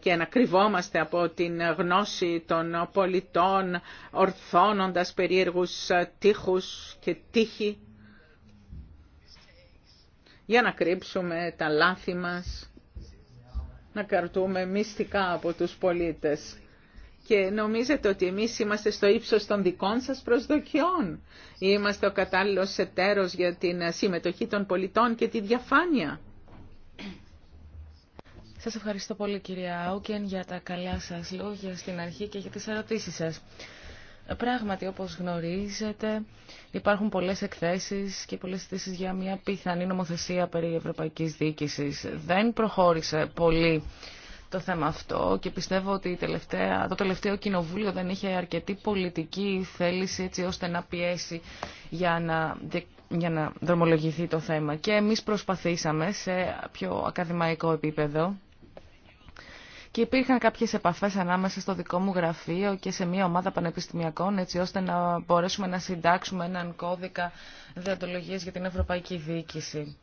και να κρυβόμαστε από την γνώση των πολιτών, ορθώνοντας περίεργους τείχους και τείχη για να κρύψουμε τα λάθη μας, να καρτούμε μυστικά από τους πολίτες. Και νομίζετε ότι εμείς είμαστε στο ύψος των δικών σας προσδοκιών. Είμαστε ο κατάλληλος εταίρος για την συμμετοχή των πολιτών και τη διαφάνεια. Σας ευχαριστώ πολύ κυρία Άουκεν για τα καλά σας λόγια στην αρχή και για τις ερωτήσεις σας. Πράγματι, όπως γνωρίζετε, υπάρχουν πολλές εκθέσεις και πολλές θέσει για μια πιθανή νομοθεσία περί ευρωπαϊκής διοίκησης. Δεν προχώρησε πολύ το θέμα αυτό και πιστεύω ότι τελευταία, το τελευταίο κοινοβούλιο δεν είχε αρκετή πολιτική θέληση έτσι ώστε να πιέσει για να, για να δρομολογηθεί το θέμα. Και εμείς προσπαθήσαμε σε πιο ακαδημαϊκό επίπεδο και υπήρχαν κάποιες επαφές ανάμεσα στο δικό μου γραφείο και σε μια ομάδα πανεπιστημιακών έτσι ώστε να μπορέσουμε να συντάξουμε έναν κώδικα διατολογία για την Ευρωπαϊκή Διοίκηση.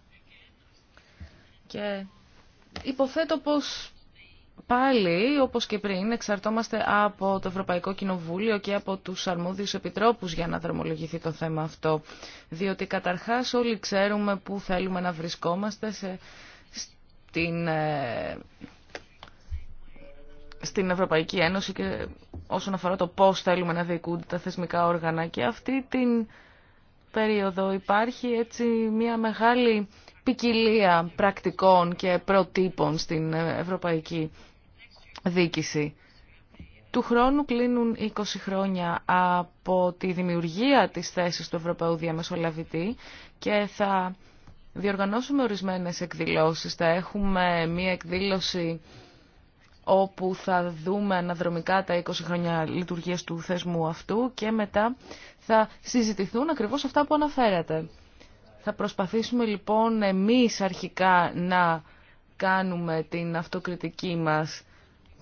Και υποθέτω πως πάλι, όπως και πριν, εξαρτώμαστε από το Ευρωπαϊκό Κοινοβούλιο και από τους αρμόδιους επιτρόπους για να δρομολογηθεί το θέμα αυτό. Διότι καταρχάς όλοι ξέρουμε πού θέλουμε να βρισκόμαστε σε, στην ε, στην Ευρωπαϊκή Ένωση και όσον αφορά το πώς θέλουμε να διοικούνται τα θεσμικά όργανα και αυτή την περίοδο υπάρχει έτσι μια μεγάλη ποικιλία πρακτικών και προτύπων στην Ευρωπαϊκή Διοίκηση. Του χρόνου κλείνουν 20 χρόνια από τη δημιουργία της θέσης του Ευρωπαίου Διαμεσολαβητή και θα διοργανώσουμε ορισμένες εκδηλώσεις. Θα έχουμε μία εκδήλωση όπου θα δούμε αναδρομικά τα 20 χρόνια λειτουργίας του θεσμού αυτού και μετά θα συζητηθούν ακριβώς αυτά που αναφέρατε. Θα προσπαθήσουμε λοιπόν εμείς αρχικά να κάνουμε την αυτοκριτική μας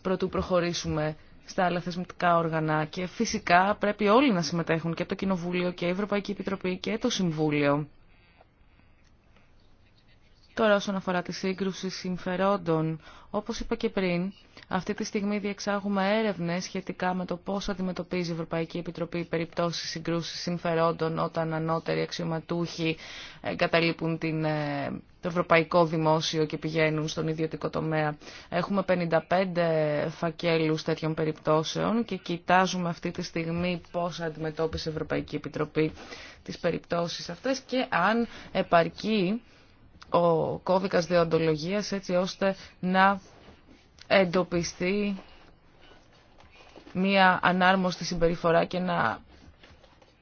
προτού προχωρήσουμε στα άλλα θεσμικά όργανα και φυσικά πρέπει όλοι να συμμετέχουν και το Κοινοβούλιο και η Ευρωπαϊκή Επιτροπή και το Συμβούλιο Τώρα όσον αφορά τη σύγκρουση συμφερόντων, όπως είπα και πριν, αυτή τη στιγμή διεξάγουμε έρευνες σχετικά με το πώς αντιμετωπίζει η Ευρωπαϊκή Επιτροπή περιπτώσεις συγκρούσης συμφερόντων όταν ανώτεροι αξιωματούχοι καταλείπουν την, ε, το ευρωπαϊκό δημόσιο και πηγαίνουν στον ιδιωτικό τομέα. Έχουμε 55 φακέλους τέτοιων περιπτώσεων και κοιτάζουμε αυτή τη στιγμή πώς αντιμετώπισε η Ευρωπαϊκή Επιτροπή τις περιπτώσεις αυτές και αν επαρκεί ο κώδικας διοντολογίας έτσι ώστε να εντοπιστεί μία ανάρμοστη συμπεριφορά και να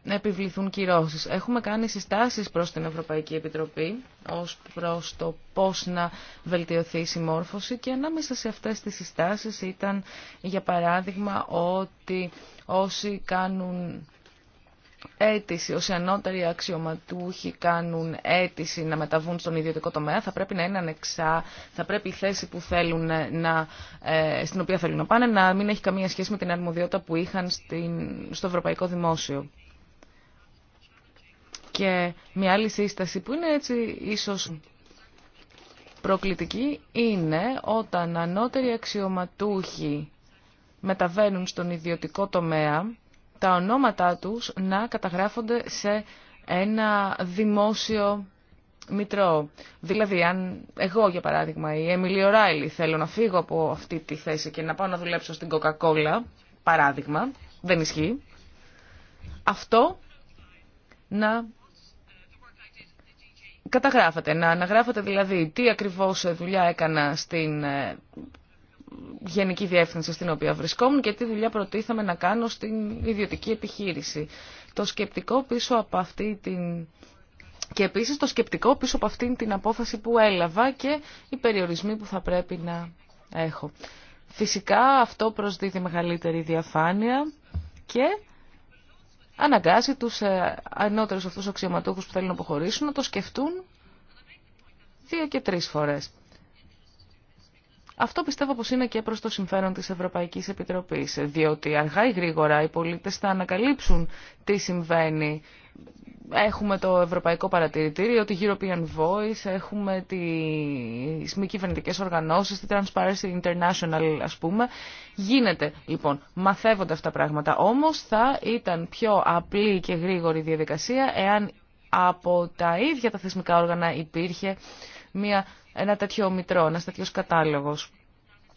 επιβληθούν κυρώσεις. Έχουμε κάνει συστάσεις προς την Ευρωπαϊκή Επιτροπή ως προς το πώς να βελτιωθεί η συμμόρφωση και ανάμεσα σε αυτές τις συστάσεις ήταν για παράδειγμα ότι όσοι κάνουν αίτηση, όσοι ανώτεροι αξιωματούχοι κάνουν αίτηση να μεταβούν στον ιδιωτικό τομέα, θα πρέπει να είναι ανεξά, θα πρέπει η θέση που θέλουν να, ε, στην οποία θέλουν να πάνε να μην έχει καμία σχέση με την αρμοδιότητα που είχαν στην, στο ευρωπαϊκό δημόσιο. Και μια άλλη σύσταση που είναι έτσι ίσως προκλητική είναι όταν ανώτεροι αξιωματούχοι μεταβαίνουν στον ιδιωτικό τομέα τα ονόματά τους να καταγράφονται σε ένα δημόσιο μητρό. Δηλαδή, αν εγώ, για παράδειγμα, η Emily O'Reilly θέλω να φύγω από αυτή τη θέση και να πάω να δουλέψω στην Coca-Cola, παράδειγμα, δεν ισχύει, αυτό να καταγράφεται, να αναγράφεται δηλαδή τι ακριβώς δουλειά έκανα στην ε, γενική διεύθυνση στην οποία βρισκόμουν και τι δουλειά προτίθαμε να κάνω στην ιδιωτική επιχείρηση. Το σκεπτικό πίσω από αυτή την... Και επίσης το σκεπτικό πίσω από αυτήν την απόφαση που έλαβα και οι περιορισμοί που θα πρέπει να έχω. Φυσικά αυτό προσδίδει μεγαλύτερη διαφάνεια και αναγκάζει τους ε, ανώτερους αυτούς αξιωματούχους που θέλουν να αποχωρήσουν να το σκεφτούν δύο και τρεις φορές. Αυτό πιστεύω πως είναι και προς το συμφέρον της Ευρωπαϊκής Επιτροπής, διότι αργά ή γρήγορα οι πολίτες θα ανακαλύψουν τι συμβαίνει. Έχουμε το Ευρωπαϊκό Παρατηρητήριο, τη European Voice, έχουμε τις μη κυβερνητικέ οργανώσεις, τη Transparency International ας πούμε. Γίνεται λοιπόν, μαθεύονται αυτά τα πράγματα, όμως θα ήταν πιο απλή και γρήγορη διαδικασία εάν από τα ίδια τα θεσμικά όργανα υπήρχε μια, ένα τέτοιο μητρό, ένα τέτοιο κατάλογος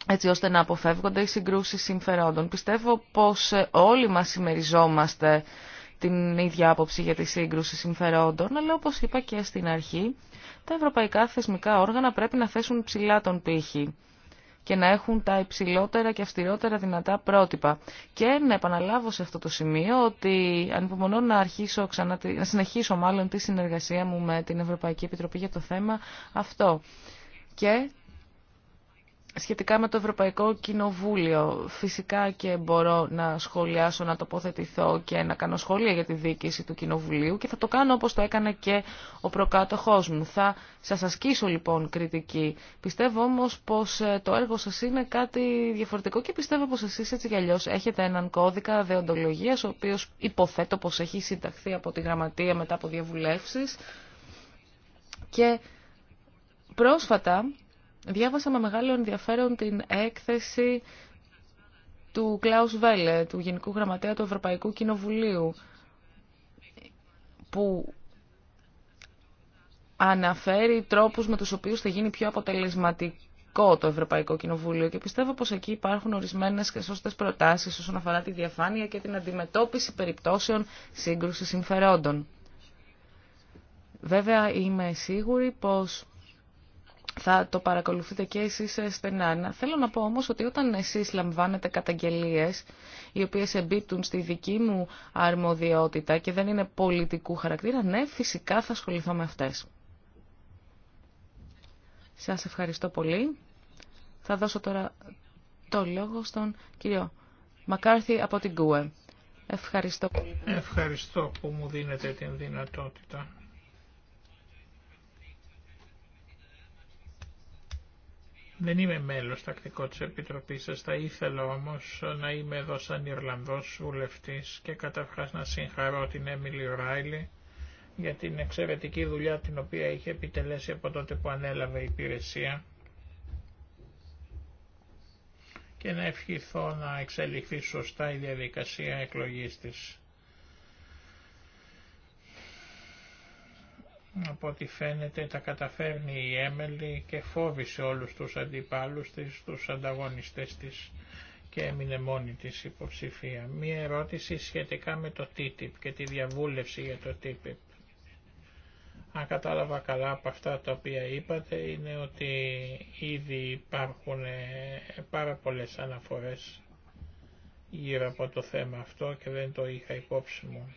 έτσι ώστε να αποφεύγονται οι συγκρούσεις συμφερόντων. Πιστεύω πως ε, όλοι μας συμμεριζόμαστε την ίδια άποψη για τη σύγκρουση συμφερόντων, αλλά όπως είπα και στην αρχή, τα ευρωπαϊκά θεσμικά όργανα πρέπει να θέσουν ψηλά τον πύχη και να έχουν τα υψηλότερα και αυστηρότερα δυνατά πρότυπα. Και να επαναλάβω σε αυτό το σημείο ότι ανυπομονώ να, αρχίσω να συνεχίσω μάλλον τη συνεργασία μου με την Ευρωπαϊκή Επιτροπή για το θέμα αυτό. Και σχετικά με το Ευρωπαϊκό Κοινοβούλιο. Φυσικά και μπορώ να σχολιάσω, να τοποθετηθώ και να κάνω σχόλια για τη διοίκηση του Κοινοβουλίου και θα το κάνω όπως το έκανε και ο προκάτοχός μου. Θα σας ασκήσω λοιπόν κριτική. Πιστεύω όμως πως ε, το έργο σας είναι κάτι διαφορετικό και πιστεύω πως εσείς έτσι κι αλλιώς έχετε έναν κώδικα δεοντολογίας ο οποίος υποθέτω πως έχει συνταχθεί από τη γραμματεία μετά από διαβουλεύσεις και πρόσφατα Διάβασα με μεγάλο ενδιαφέρον την έκθεση του Κλάους Βέλε, του Γενικού Γραμματέα του Ευρωπαϊκού Κοινοβουλίου, που αναφέρει τρόπους με τους οποίους θα γίνει πιο αποτελεσματικό το Ευρωπαϊκό Κοινοβούλιο και πιστεύω πως εκεί υπάρχουν ορισμένες και σωστές προτάσεις όσον αφορά τη διαφάνεια και την αντιμετώπιση περιπτώσεων σύγκρουσης συμφερόντων. Βέβαια είμαι σίγουρη πως θα το παρακολουθείτε και εσείς ε, στενά. Θέλω να πω όμως ότι όταν εσείς λαμβάνετε καταγγελίες οι οποίες εμπίπτουν στη δική μου αρμοδιότητα και δεν είναι πολιτικού χαρακτήρα, ναι, φυσικά θα ασχοληθώ με αυτές. Σας ευχαριστώ πολύ. Θα δώσω τώρα το λόγο στον κύριο Μακάρθη από την ΚΟΕ. Ευχαριστώ Ευχαριστώ που μου δίνετε την δυνατότητα. Δεν είμαι μέλος τακτικό της Επιτροπής σας, θα ήθελα όμως να είμαι εδώ σαν Ιρλανδός βουλευτής και καταρχάς να συγχαρώ την Έμιλι Ράιλι για την εξαιρετική δουλειά την οποία είχε επιτελέσει από τότε που ανέλαβε η υπηρεσία και να ευχηθώ να εξελιχθεί σωστά η διαδικασία εκλογής της. Από ό,τι φαίνεται τα καταφέρνει η Έμελη και φόβησε όλους τους αντιπάλους της, τους ανταγωνιστές της και έμεινε μόνη της υποψηφία. Μία ερώτηση σχετικά με το TTIP και τη διαβούλευση για το TTIP. Αν κατάλαβα καλά από αυτά τα οποία είπατε είναι ότι ήδη υπάρχουν ε, πάρα πολλές αναφορές γύρω από το θέμα αυτό και δεν το είχα υπόψη μου.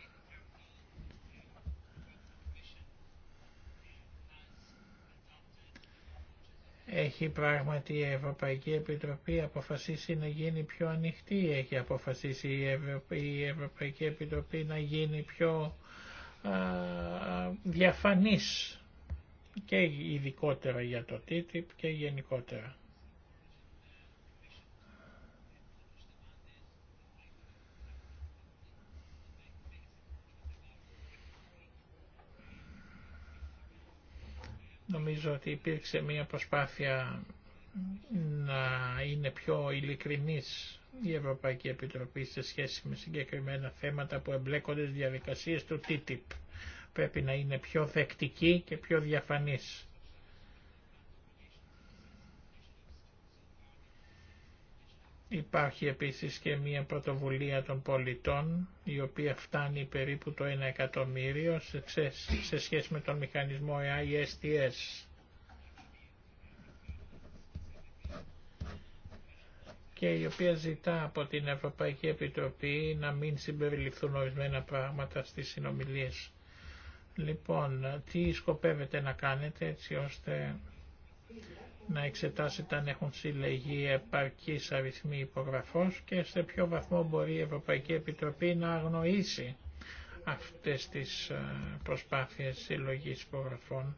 έχει πράγματι η Ευρωπαϊκή Επιτροπή αποφασίσει να γίνει πιο ανοιχτή, έχει αποφασίσει η, Ευρω... η Ευρωπαϊκή Επιτροπή να γίνει πιο α, διαφανής και ειδικότερα για το TTIP και γενικότερα. Νομίζω ότι υπήρξε μια προσπάθεια να είναι πιο ειλικρινής η Ευρωπαϊκή Επιτροπή σε σχέση με συγκεκριμένα θέματα που εμπλέκονται στις διαδικασίες του TTIP. Πρέπει να είναι πιο δεκτική και πιο διαφανής. Υπάρχει επίσης και μία πρωτοβουλία των πολιτών, η οποία φτάνει περίπου το 1 εκατομμύριο σε σχέση με τον μηχανισμό EISTS. Ε και η οποία ζητά από την Ευρωπαϊκή Επιτροπή να μην συμπεριληφθούν ορισμένα πράγματα στις συνομιλίες. Λοιπόν, τι σκοπεύετε να κάνετε έτσι ώστε να εξετάσετε αν έχουν συλλεγεί επαρκή αριθμοί υπογραφών και σε ποιο βαθμό μπορεί η Ευρωπαϊκή Επιτροπή να αγνοήσει αυτές τις ε, προσπάθειες συλλογή υπογραφών.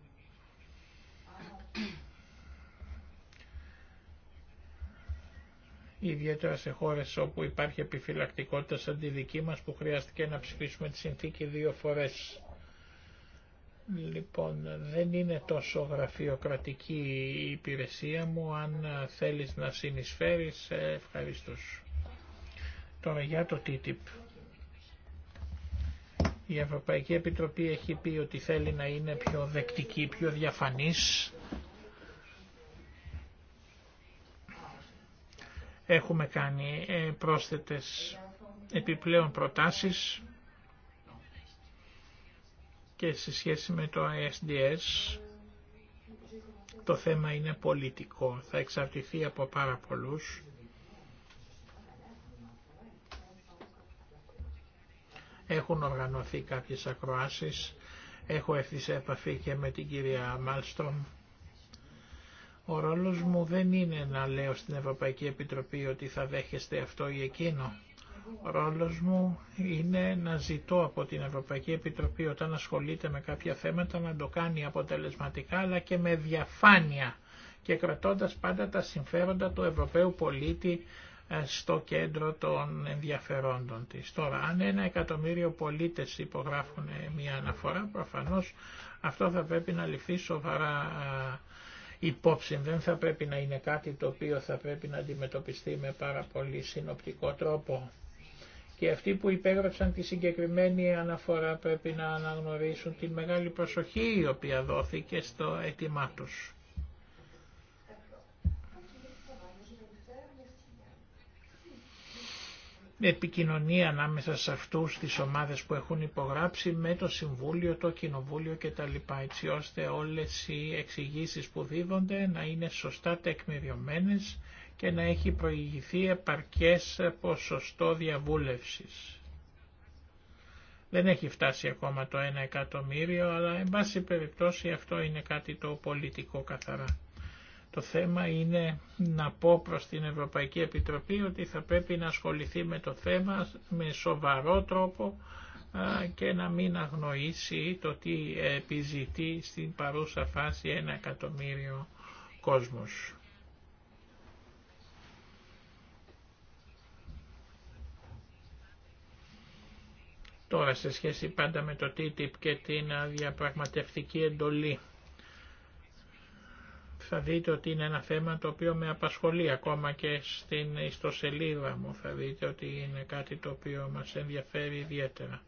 ιδιαίτερα σε χώρες όπου υπάρχει επιφυλακτικότητα σαν τη δική μας που χρειάστηκε να ψηφίσουμε τη συνθήκη δύο φορές. Λοιπόν, δεν είναι τόσο γραφειοκρατική η υπηρεσία μου, αν θέλεις να συνεισφέρεις, ε, σου. Τώρα για το TTIP. Η Ευρωπαϊκή Επιτροπή έχει πει ότι θέλει να είναι πιο δεκτική, πιο διαφανής. Έχουμε κάνει ε, πρόσθετες επιπλέον προτάσεις και σε σχέση με το ISDS το θέμα είναι πολιτικό, θα εξαρτηθεί από πάρα πολλούς. Έχουν οργανωθεί κάποιες ακροάσεις, έχω έρθει σε επαφή και με την κυρία Μάλστρομ. Ο ρόλος μου δεν είναι να λέω στην Ευρωπαϊκή Επιτροπή ότι θα δέχεστε αυτό ή εκείνο ρόλος μου είναι να ζητώ από την Ευρωπαϊκή Επιτροπή όταν ασχολείται με κάποια θέματα να το κάνει αποτελεσματικά αλλά και με διαφάνεια και κρατώντας πάντα τα συμφέροντα του Ευρωπαίου πολίτη ε, στο κέντρο των ενδιαφερόντων της. Τώρα, αν ένα εκατομμύριο πολίτες υπογράφουν ε, μια αναφορά, προφανώς αυτό θα πρέπει να ληφθεί σοβαρά ε, υπόψη. Δεν θα πρέπει να είναι κάτι το οποίο θα πρέπει να αντιμετωπιστεί με πάρα πολύ συνοπτικό τρόπο και αυτοί που υπέγραψαν τη συγκεκριμένη αναφορά πρέπει να αναγνωρίσουν τη μεγάλη προσοχή η οποία δόθηκε στο αίτημά τους. επικοινωνία ανάμεσα σε αυτούς τις ομάδες που έχουν υπογράψει με το Συμβούλιο, το Κοινοβούλιο κτλ. έτσι ώστε όλες οι εξηγήσει που δίδονται να είναι σωστά τεκμηριωμένες και να έχει προηγηθεί επαρκές ποσοστό διαβούλευσης. Δεν έχει φτάσει ακόμα το 1 εκατομμύριο, αλλά εν πάση περιπτώσει αυτό είναι κάτι το πολιτικό καθαρά. Το θέμα είναι να πω προς την Ευρωπαϊκή Επιτροπή ότι θα πρέπει να ασχοληθεί με το θέμα με σοβαρό τρόπο και να μην αγνοήσει το τι επιζητεί στην παρούσα φάση ένα εκατομμύριο κόσμος. Τώρα σε σχέση πάντα με το TTIP και την διαπραγματευτική εντολή. Θα δείτε ότι είναι ένα θέμα το οποίο με απασχολεί ακόμα και στην ιστοσελίδα μου. Θα δείτε ότι είναι κάτι το οποίο μας ενδιαφέρει ιδιαίτερα.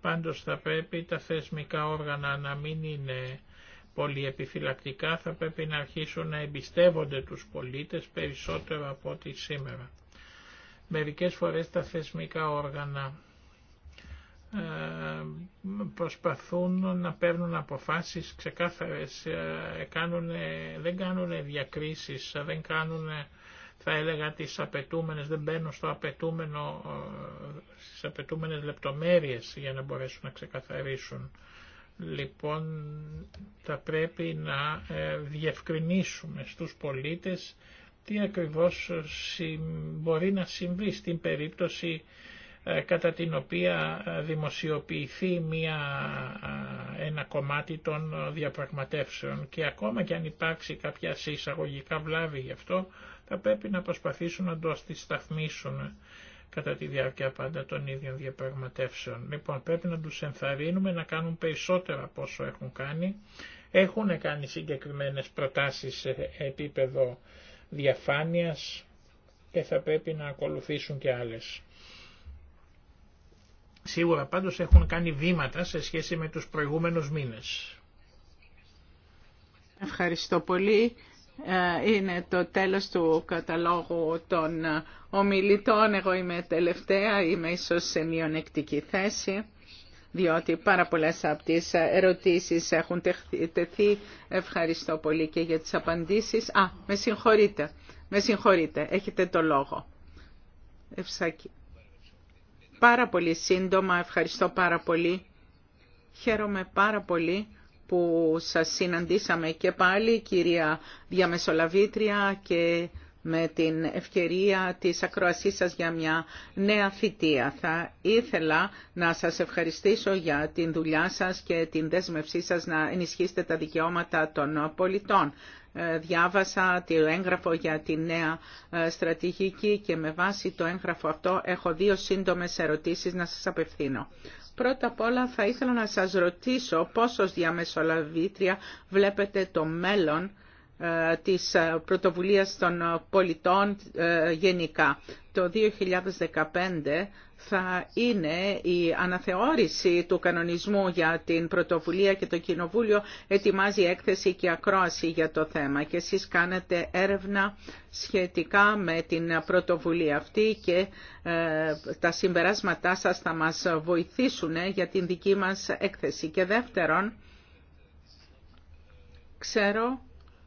Πάντως θα πρέπει τα θεσμικά όργανα να μην είναι πολύ επιφυλακτικά θα πρέπει να αρχίσουν να εμπιστεύονται τους πολίτες περισσότερο από ό,τι σήμερα. Μερικές φορές τα θεσμικά όργανα ε, προσπαθούν να παίρνουν αποφάσεις ξεκάθαρες, ε, κάνουν, δεν κάνουν διακρίσεις, δεν κάνουν θα έλεγα τις απαιτούμενες, δεν μπαίνουν στο απαιτούμενο, ε, στις απαιτούμενες λεπτομέρειες για να μπορέσουν να ξεκαθαρίσουν. Λοιπόν, θα πρέπει να διευκρινίσουμε στους πολίτες τι ακριβώς μπορεί να συμβεί στην περίπτωση ε, κατά την οποία ε, δημοσιοποιηθεί μια, ε, ένα κομμάτι των διαπραγματεύσεων και ακόμα και αν υπάρξει κάποια συσσαγωγικά βλάβη γι' αυτό θα πρέπει να προσπαθήσουν να το αντισταθμίσουν κατά τη διάρκεια πάντα των ίδιων διαπραγματεύσεων. Λοιπόν, πρέπει να τους ενθαρρύνουμε να κάνουν περισσότερα πόσο όσο έχουν κάνει. Έχουν κάνει συγκεκριμένες προτάσεις σε επίπεδο διαφάνειας και θα πρέπει να ακολουθήσουν και άλλες. Σίγουρα πάντως έχουν κάνει βήματα σε σχέση με τους προηγούμενους μήνες. Ευχαριστώ πολύ. Ε, είναι το τέλος του καταλόγου των ομιλητών. Εγώ είμαι τελευταία, είμαι ίσως σε μειονεκτική θέση, διότι πάρα πολλές από τις ερωτήσεις έχουν τεθεί. Ευχαριστώ πολύ και για τις απαντήσεις. Α, με συγχωρείτε, με συγχωρείτε, έχετε το λόγο. Ευσάκη πάρα πολύ σύντομα. Ευχαριστώ πάρα πολύ. Χαίρομαι πάρα πολύ που σας συναντήσαμε και πάλι, κυρία Διαμεσολαβήτρια και με την ευκαιρία της ακροασής σας για μια νέα θητεία. Θα ήθελα να σας ευχαριστήσω για την δουλειά σας και την δέσμευσή σας να ενισχύσετε τα δικαιώματα των πολιτών. Ε, διάβασα το έγγραφο για τη νέα ε, στρατηγική και με βάση το έγγραφο αυτό έχω δύο σύντομες ερωτήσεις να σας απευθύνω. Πρώτα απ' όλα θα ήθελα να σας ρωτήσω πόσος διαμεσολαβήτρια βλέπετε το μέλλον ε, της ε, πρωτοβουλίας των ε, πολιτών γενικά. Το 2015 θα είναι η αναθεώρηση του κανονισμού για την πρωτοβουλία και το Κοινοβούλιο ετοιμάζει έκθεση και ακρόαση για το θέμα και εσείς κάνετε έρευνα σχετικά με την πρωτοβουλία αυτή και τα συμπεράσματά σας θα μας βοηθήσουν για την δική μας έκθεση. Και δεύτερον, ξέρω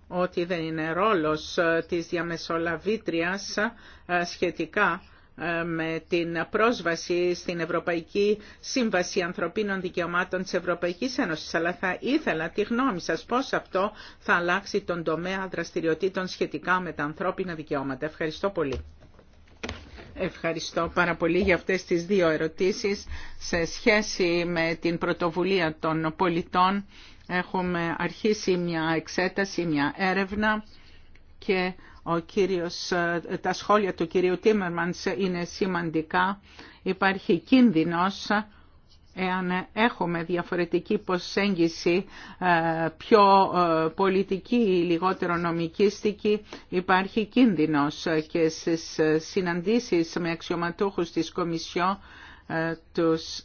ότι δεν είναι ρόλος ε, της διαμεσολαβήτριας ε, σχετικά ε, με την πρόσβαση στην Ευρωπαϊκή Σύμβαση Ανθρωπίνων Δικαιωμάτων της Ευρωπαϊκής Ένωσης, αλλά θα ήθελα τη γνώμη σας πώς αυτό θα αλλάξει τον τομέα δραστηριοτήτων σχετικά με τα ανθρώπινα δικαιώματα. Ευχαριστώ πολύ. Ευχαριστώ πάρα πολύ για αυτές τις δύο ερωτήσεις σε σχέση με την πρωτοβουλία των πολιτών Έχουμε αρχίσει μια εξέταση, μια έρευνα και ο κύριος, τα σχόλια του κυρίου Τίμερμανς είναι σημαντικά. Υπάρχει κίνδυνος εάν έχουμε διαφορετική προσέγγιση, ε, πιο ε, πολιτική ή λιγότερο νομικίστικη, υπάρχει κίνδυνος και στις συναντήσεις με αξιωματούχους της Κομισιό ε, τους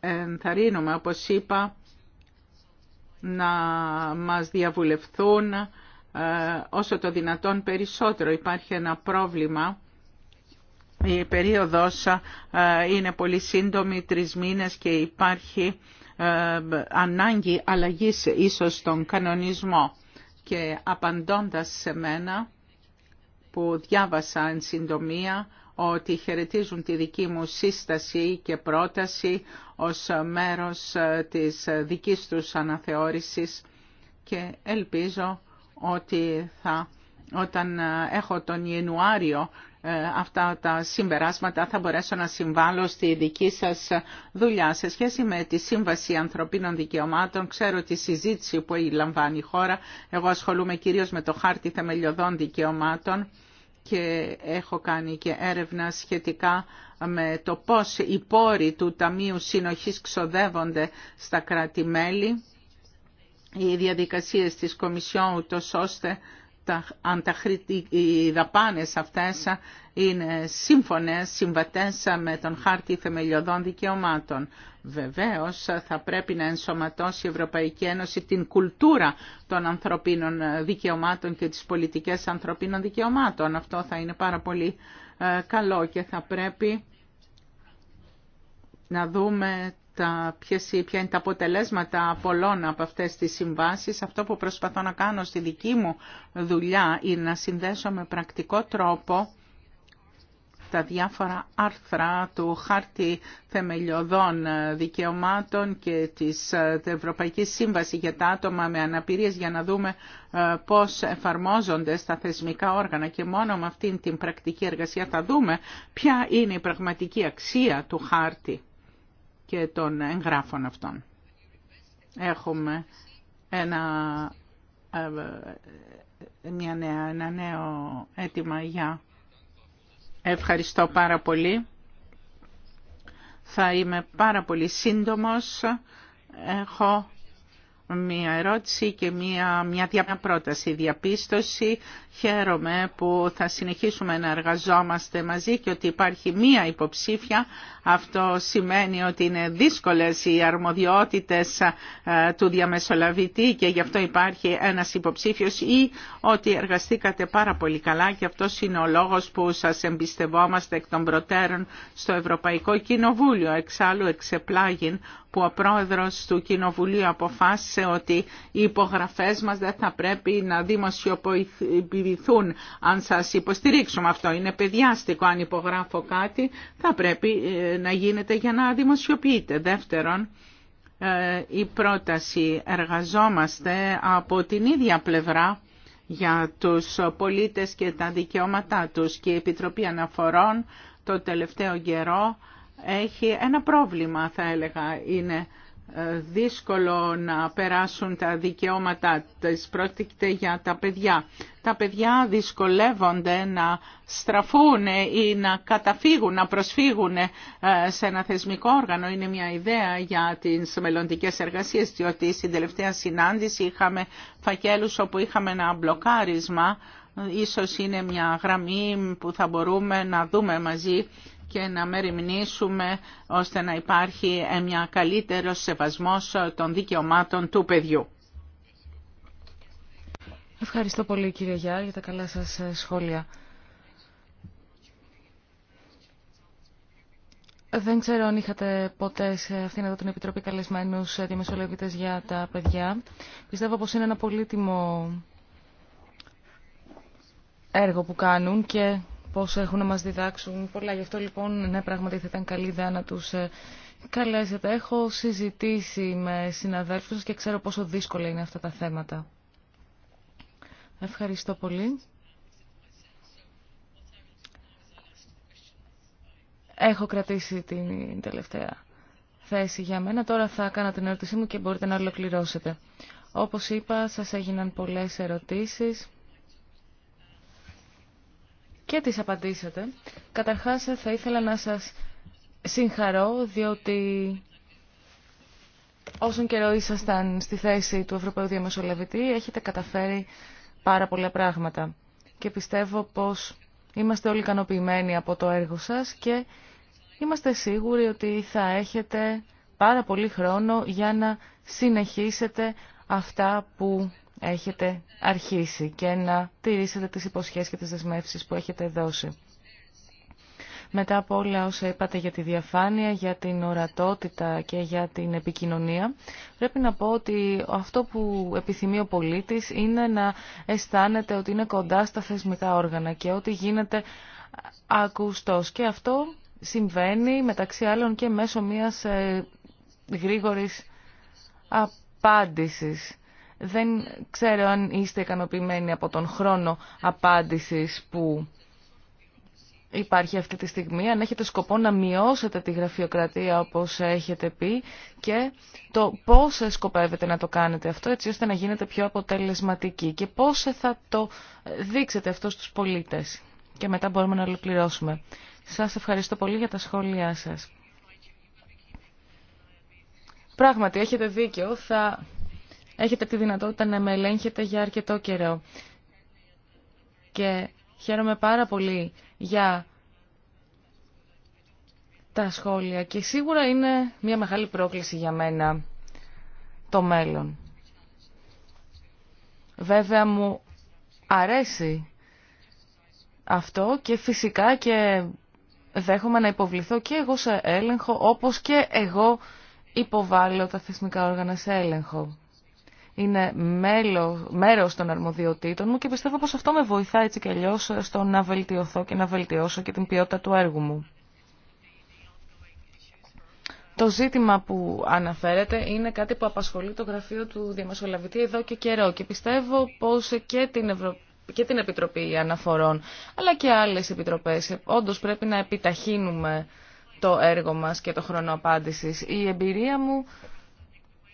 ενθαρρύνουμε, όπως είπα, να μας διαβουλευθούν ε, όσο το δυνατόν περισσότερο. Υπάρχει ένα πρόβλημα. Η περίοδος ε, είναι πολύ σύντομη, τρεις μήνες και υπάρχει ε, ανάγκη αλλαγής ίσως στον κανονισμό. Και απαντώντας σε μένα που διάβασα εν συντομία ότι χαιρετίζουν τη δική μου σύσταση και πρόταση ως μέρος της δικής τους αναθεώρησης και ελπίζω ότι θα, όταν έχω τον Ιανουάριο ε, αυτά τα συμπεράσματα θα μπορέσω να συμβάλλω στη δική σας δουλειά. Σε σχέση με τη Σύμβαση Ανθρωπίνων Δικαιωμάτων, ξέρω τη συζήτηση που λαμβάνει η χώρα. Εγώ ασχολούμαι κυρίως με το χάρτη θεμελιωδών δικαιωμάτων και έχω κάνει και έρευνα σχετικά με το πώς οι πόροι του Ταμείου Συνοχής ξοδεύονται στα κράτη-μέλη. Οι διαδικασίες της Κομισιόν ούτως ώστε αν τα, οι δαπάνες αυτές είναι σύμφωνες, συμβατές με τον χάρτη θεμελιωδών δικαιωμάτων. Βεβαίως θα πρέπει να ενσωματώσει η Ευρωπαϊκή Ένωση την κουλτούρα των ανθρωπίνων δικαιωμάτων και τις πολιτικές ανθρωπίνων δικαιωμάτων. Αυτό θα είναι πάρα πολύ ε, καλό και θα πρέπει να δούμε τα, ποια είναι τα αποτελέσματα πολλών από αυτές τις συμβάσεις. Αυτό που προσπαθώ να κάνω στη δική μου δουλειά είναι να συνδέσω με πρακτικό τρόπο τα διάφορα άρθρα του Χάρτη Θεμελιωδών Δικαιωμάτων και της ε, Ευρωπαϊκής Σύμβασης για τα άτομα με αναπηρίες για να δούμε ε, πώς εφαρμόζονται στα θεσμικά όργανα και μόνο με αυτήν την πρακτική εργασία θα δούμε ποια είναι η πραγματική αξία του χάρτη και των εγγράφων αυτών. Έχουμε ένα, ε, ένα νέο αίτημα για... Ευχαριστώ πάρα πολύ. Θα είμαι πάρα πολύ σύντομος. Έχω μία ερώτηση και μία, μία, μία πρόταση. Διαπίστωση. Χαίρομαι που θα συνεχίσουμε να εργαζόμαστε μαζί και ότι υπάρχει μία υποψήφια αυτό σημαίνει ότι είναι δύσκολες οι αρμοδιότητες ε, του διαμεσολαβητή και γι' αυτό υπάρχει ένας υποψήφιος ή ότι εργαστήκατε πάρα πολύ καλά και αυτό είναι ο λόγος που σας εμπιστευόμαστε εκ των προτέρων στο Ευρωπαϊκό Κοινοβούλιο. Εξάλλου εξεπλάγει που ο πρόεδρος του Κοινοβουλίου αποφάσισε ότι οι υπογραφές μας δεν θα πρέπει να δημοσιοποιηθούν αν σας υποστηρίξουμε αυτό. Είναι παιδιάστικο αν υπογράφω κάτι θα πρέπει ε, να γίνεται για να δημοσιοποιείται. Δεύτερον, ε, η πρόταση εργαζόμαστε από την ίδια πλευρά για τους πολίτες και τα δικαιώματά τους και η Επιτροπή Αναφορών το τελευταίο καιρό έχει ένα πρόβλημα θα έλεγα είναι ε, δύσκολο να περάσουν τα δικαιώματα της πρόκειται για τα παιδιά. Τα παιδιά δυσκολεύονται να στραφούν ή να καταφύγουν, να προσφύγουν ε, σε ένα θεσμικό όργανο. Είναι μια ιδέα για τις μελλοντικέ εργασίες, διότι στην τελευταία συνάντηση είχαμε φακέλους όπου είχαμε ένα μπλοκάρισμα. Ίσως είναι μια γραμμή που θα μπορούμε να δούμε μαζί και να μεριμνήσουμε ώστε να υπάρχει μια καλύτερο σεβασμός των δικαιωμάτων του παιδιού. Ευχαριστώ πολύ κύριε Γιάρ για τα καλά σας ε, σχόλια. Δεν ξέρω αν είχατε ποτέ σε αυτήν εδώ την Επιτροπή καλεσμένους ε, διαμεσολαβητές για τα παιδιά. Πιστεύω πως είναι ένα πολύτιμο έργο που κάνουν και Πώ έχουν να μας διδάξουν πολλά. Γι' αυτό λοιπόν, ναι, πράγματι θα ήταν καλή ιδέα να τους ε, καλέσετε. Έχω συζητήσει με συναδέλφους και ξέρω πόσο δύσκολα είναι αυτά τα θέματα. Ευχαριστώ πολύ. Έχω κρατήσει την τελευταία θέση για μένα. Τώρα θα κάνω την ερώτησή μου και μπορείτε να ολοκληρώσετε. Όπως είπα, σας έγιναν πολλές ερωτήσεις και τις απαντήσατε. Καταρχάς θα ήθελα να σας συγχαρώ διότι όσον καιρό ήσασταν στη θέση του Ευρωπαίου Διαμεσολαβητή έχετε καταφέρει πάρα πολλά πράγματα και πιστεύω πως είμαστε όλοι ικανοποιημένοι από το έργο σας και είμαστε σίγουροι ότι θα έχετε πάρα πολύ χρόνο για να συνεχίσετε αυτά που έχετε αρχίσει και να τηρήσετε τις υποσχέσεις και τις δεσμεύσεις που έχετε δώσει. Μετά από όλα όσα είπατε για τη διαφάνεια, για την ορατότητα και για την επικοινωνία, πρέπει να πω ότι αυτό που επιθυμεί ο πολίτης είναι να αισθάνεται ότι είναι κοντά στα θεσμικά όργανα και ότι γίνεται ακουστός. Και αυτό συμβαίνει μεταξύ άλλων και μέσω μιας ε, γρήγορης απάντησης δεν ξέρω αν είστε ικανοποιημένοι από τον χρόνο απάντησης που υπάρχει αυτή τη στιγμή, αν έχετε σκοπό να μειώσετε τη γραφειοκρατία όπως έχετε πει και το πώς σκοπεύετε να το κάνετε αυτό έτσι ώστε να γίνετε πιο αποτελεσματικοί και πώς θα το δείξετε αυτό στους πολίτες. Και μετά μπορούμε να ολοκληρώσουμε. Σας ευχαριστώ πολύ για τα σχόλιά σας. Πράγματι, έχετε δίκιο. Θα έχετε τη δυνατότητα να με ελέγχετε για αρκετό καιρό. Και χαίρομαι πάρα πολύ για τα σχόλια και σίγουρα είναι μια μεγάλη πρόκληση για μένα το μέλλον. Βέβαια μου αρέσει αυτό και φυσικά και δέχομαι να υποβληθώ και εγώ σε έλεγχο όπως και εγώ υποβάλλω τα θεσμικά όργανα σε έλεγχο είναι μέλο, μέρος των αρμοδιοτήτων μου και πιστεύω πως αυτό με βοηθά έτσι και αλλιώ στο να βελτιωθώ και να βελτιώσω και την ποιότητα του έργου μου. Το ζήτημα που αναφέρεται είναι κάτι που απασχολεί το γραφείο του Διαμεσολαβητή εδώ και καιρό και πιστεύω πως και την, και την Επιτροπή Αναφορών αλλά και άλλες επιτροπές όντως πρέπει να επιταχύνουμε το έργο μας και το χρόνο απάντησης. Η εμπειρία μου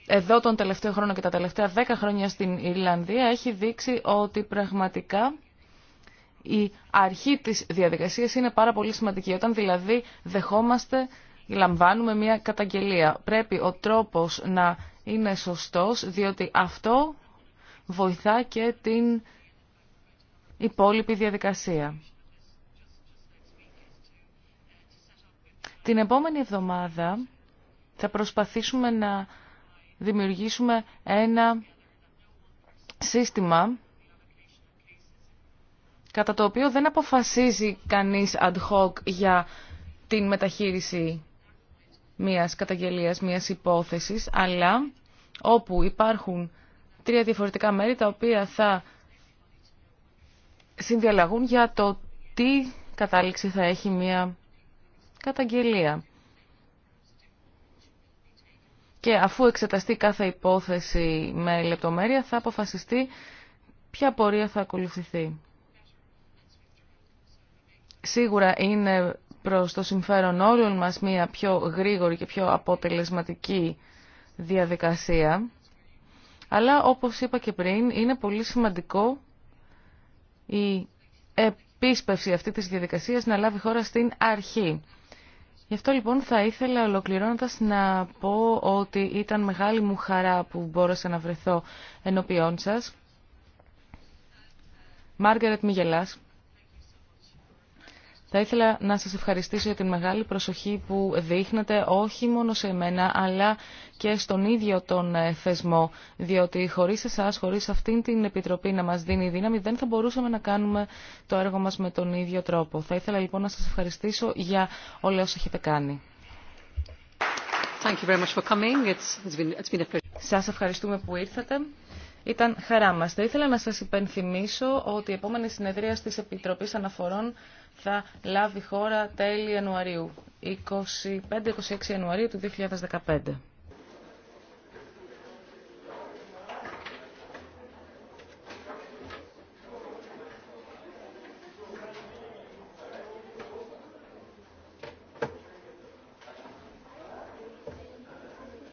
εδώ τον τελευταίο χρόνο και τα τελευταία δέκα χρόνια στην Ιρλανδία έχει δείξει ότι πραγματικά η αρχή της διαδικασίας είναι πάρα πολύ σημαντική. Όταν δηλαδή δεχόμαστε, λαμβάνουμε μια καταγγελία. Πρέπει ο τρόπος να είναι σωστός, διότι αυτό βοηθά και την υπόλοιπη διαδικασία. Την επόμενη εβδομάδα θα προσπαθήσουμε να δημιουργήσουμε ένα σύστημα κατά το οποίο δεν αποφασίζει κανείς ad hoc για την μεταχείριση μιας καταγγελίας, μιας υπόθεσης, αλλά όπου υπάρχουν τρία διαφορετικά μέρη τα οποία θα συνδιαλλαγούν για το τι κατάληξη θα έχει μια καταγγελία και αφού εξεταστεί κάθε υπόθεση με λεπτομέρεια θα αποφασιστεί ποια πορεία θα ακολουθηθεί. Σίγουρα είναι προς το συμφέρον όλων μας μία πιο γρήγορη και πιο αποτελεσματική διαδικασία, αλλά όπως είπα και πριν είναι πολύ σημαντικό η επίσπευση αυτή της διαδικασίας να λάβει χώρα στην αρχή. Γι' αυτό λοιπόν θα ήθελα ολοκληρώνοντας να πω ότι ήταν μεγάλη μου χαρά που μπόρεσα να βρεθώ ενώπιόν σας. Μάργαρετ μη θα ήθελα να σας ευχαριστήσω για την μεγάλη προσοχή που δείχνετε όχι μόνο σε εμένα αλλά και στον ίδιο τον ε, θεσμό διότι χωρίς εσάς, χωρίς αυτήν την Επιτροπή να μας δίνει δύναμη δεν θα μπορούσαμε να κάνουμε το έργο μας με τον ίδιο τρόπο. Θα ήθελα λοιπόν να σας ευχαριστήσω για όλα όσα έχετε κάνει. Σας ευχαριστούμε που ήρθατε. Ήταν χαρά μας. Θα ήθελα να σας υπενθυμίσω ότι η επόμενη συνεδρία τη Επιτροπή Αναφορών θα λάβει χώρα τέλη Ιανουαρίου, 25-26 Ιανουαρίου του 2015.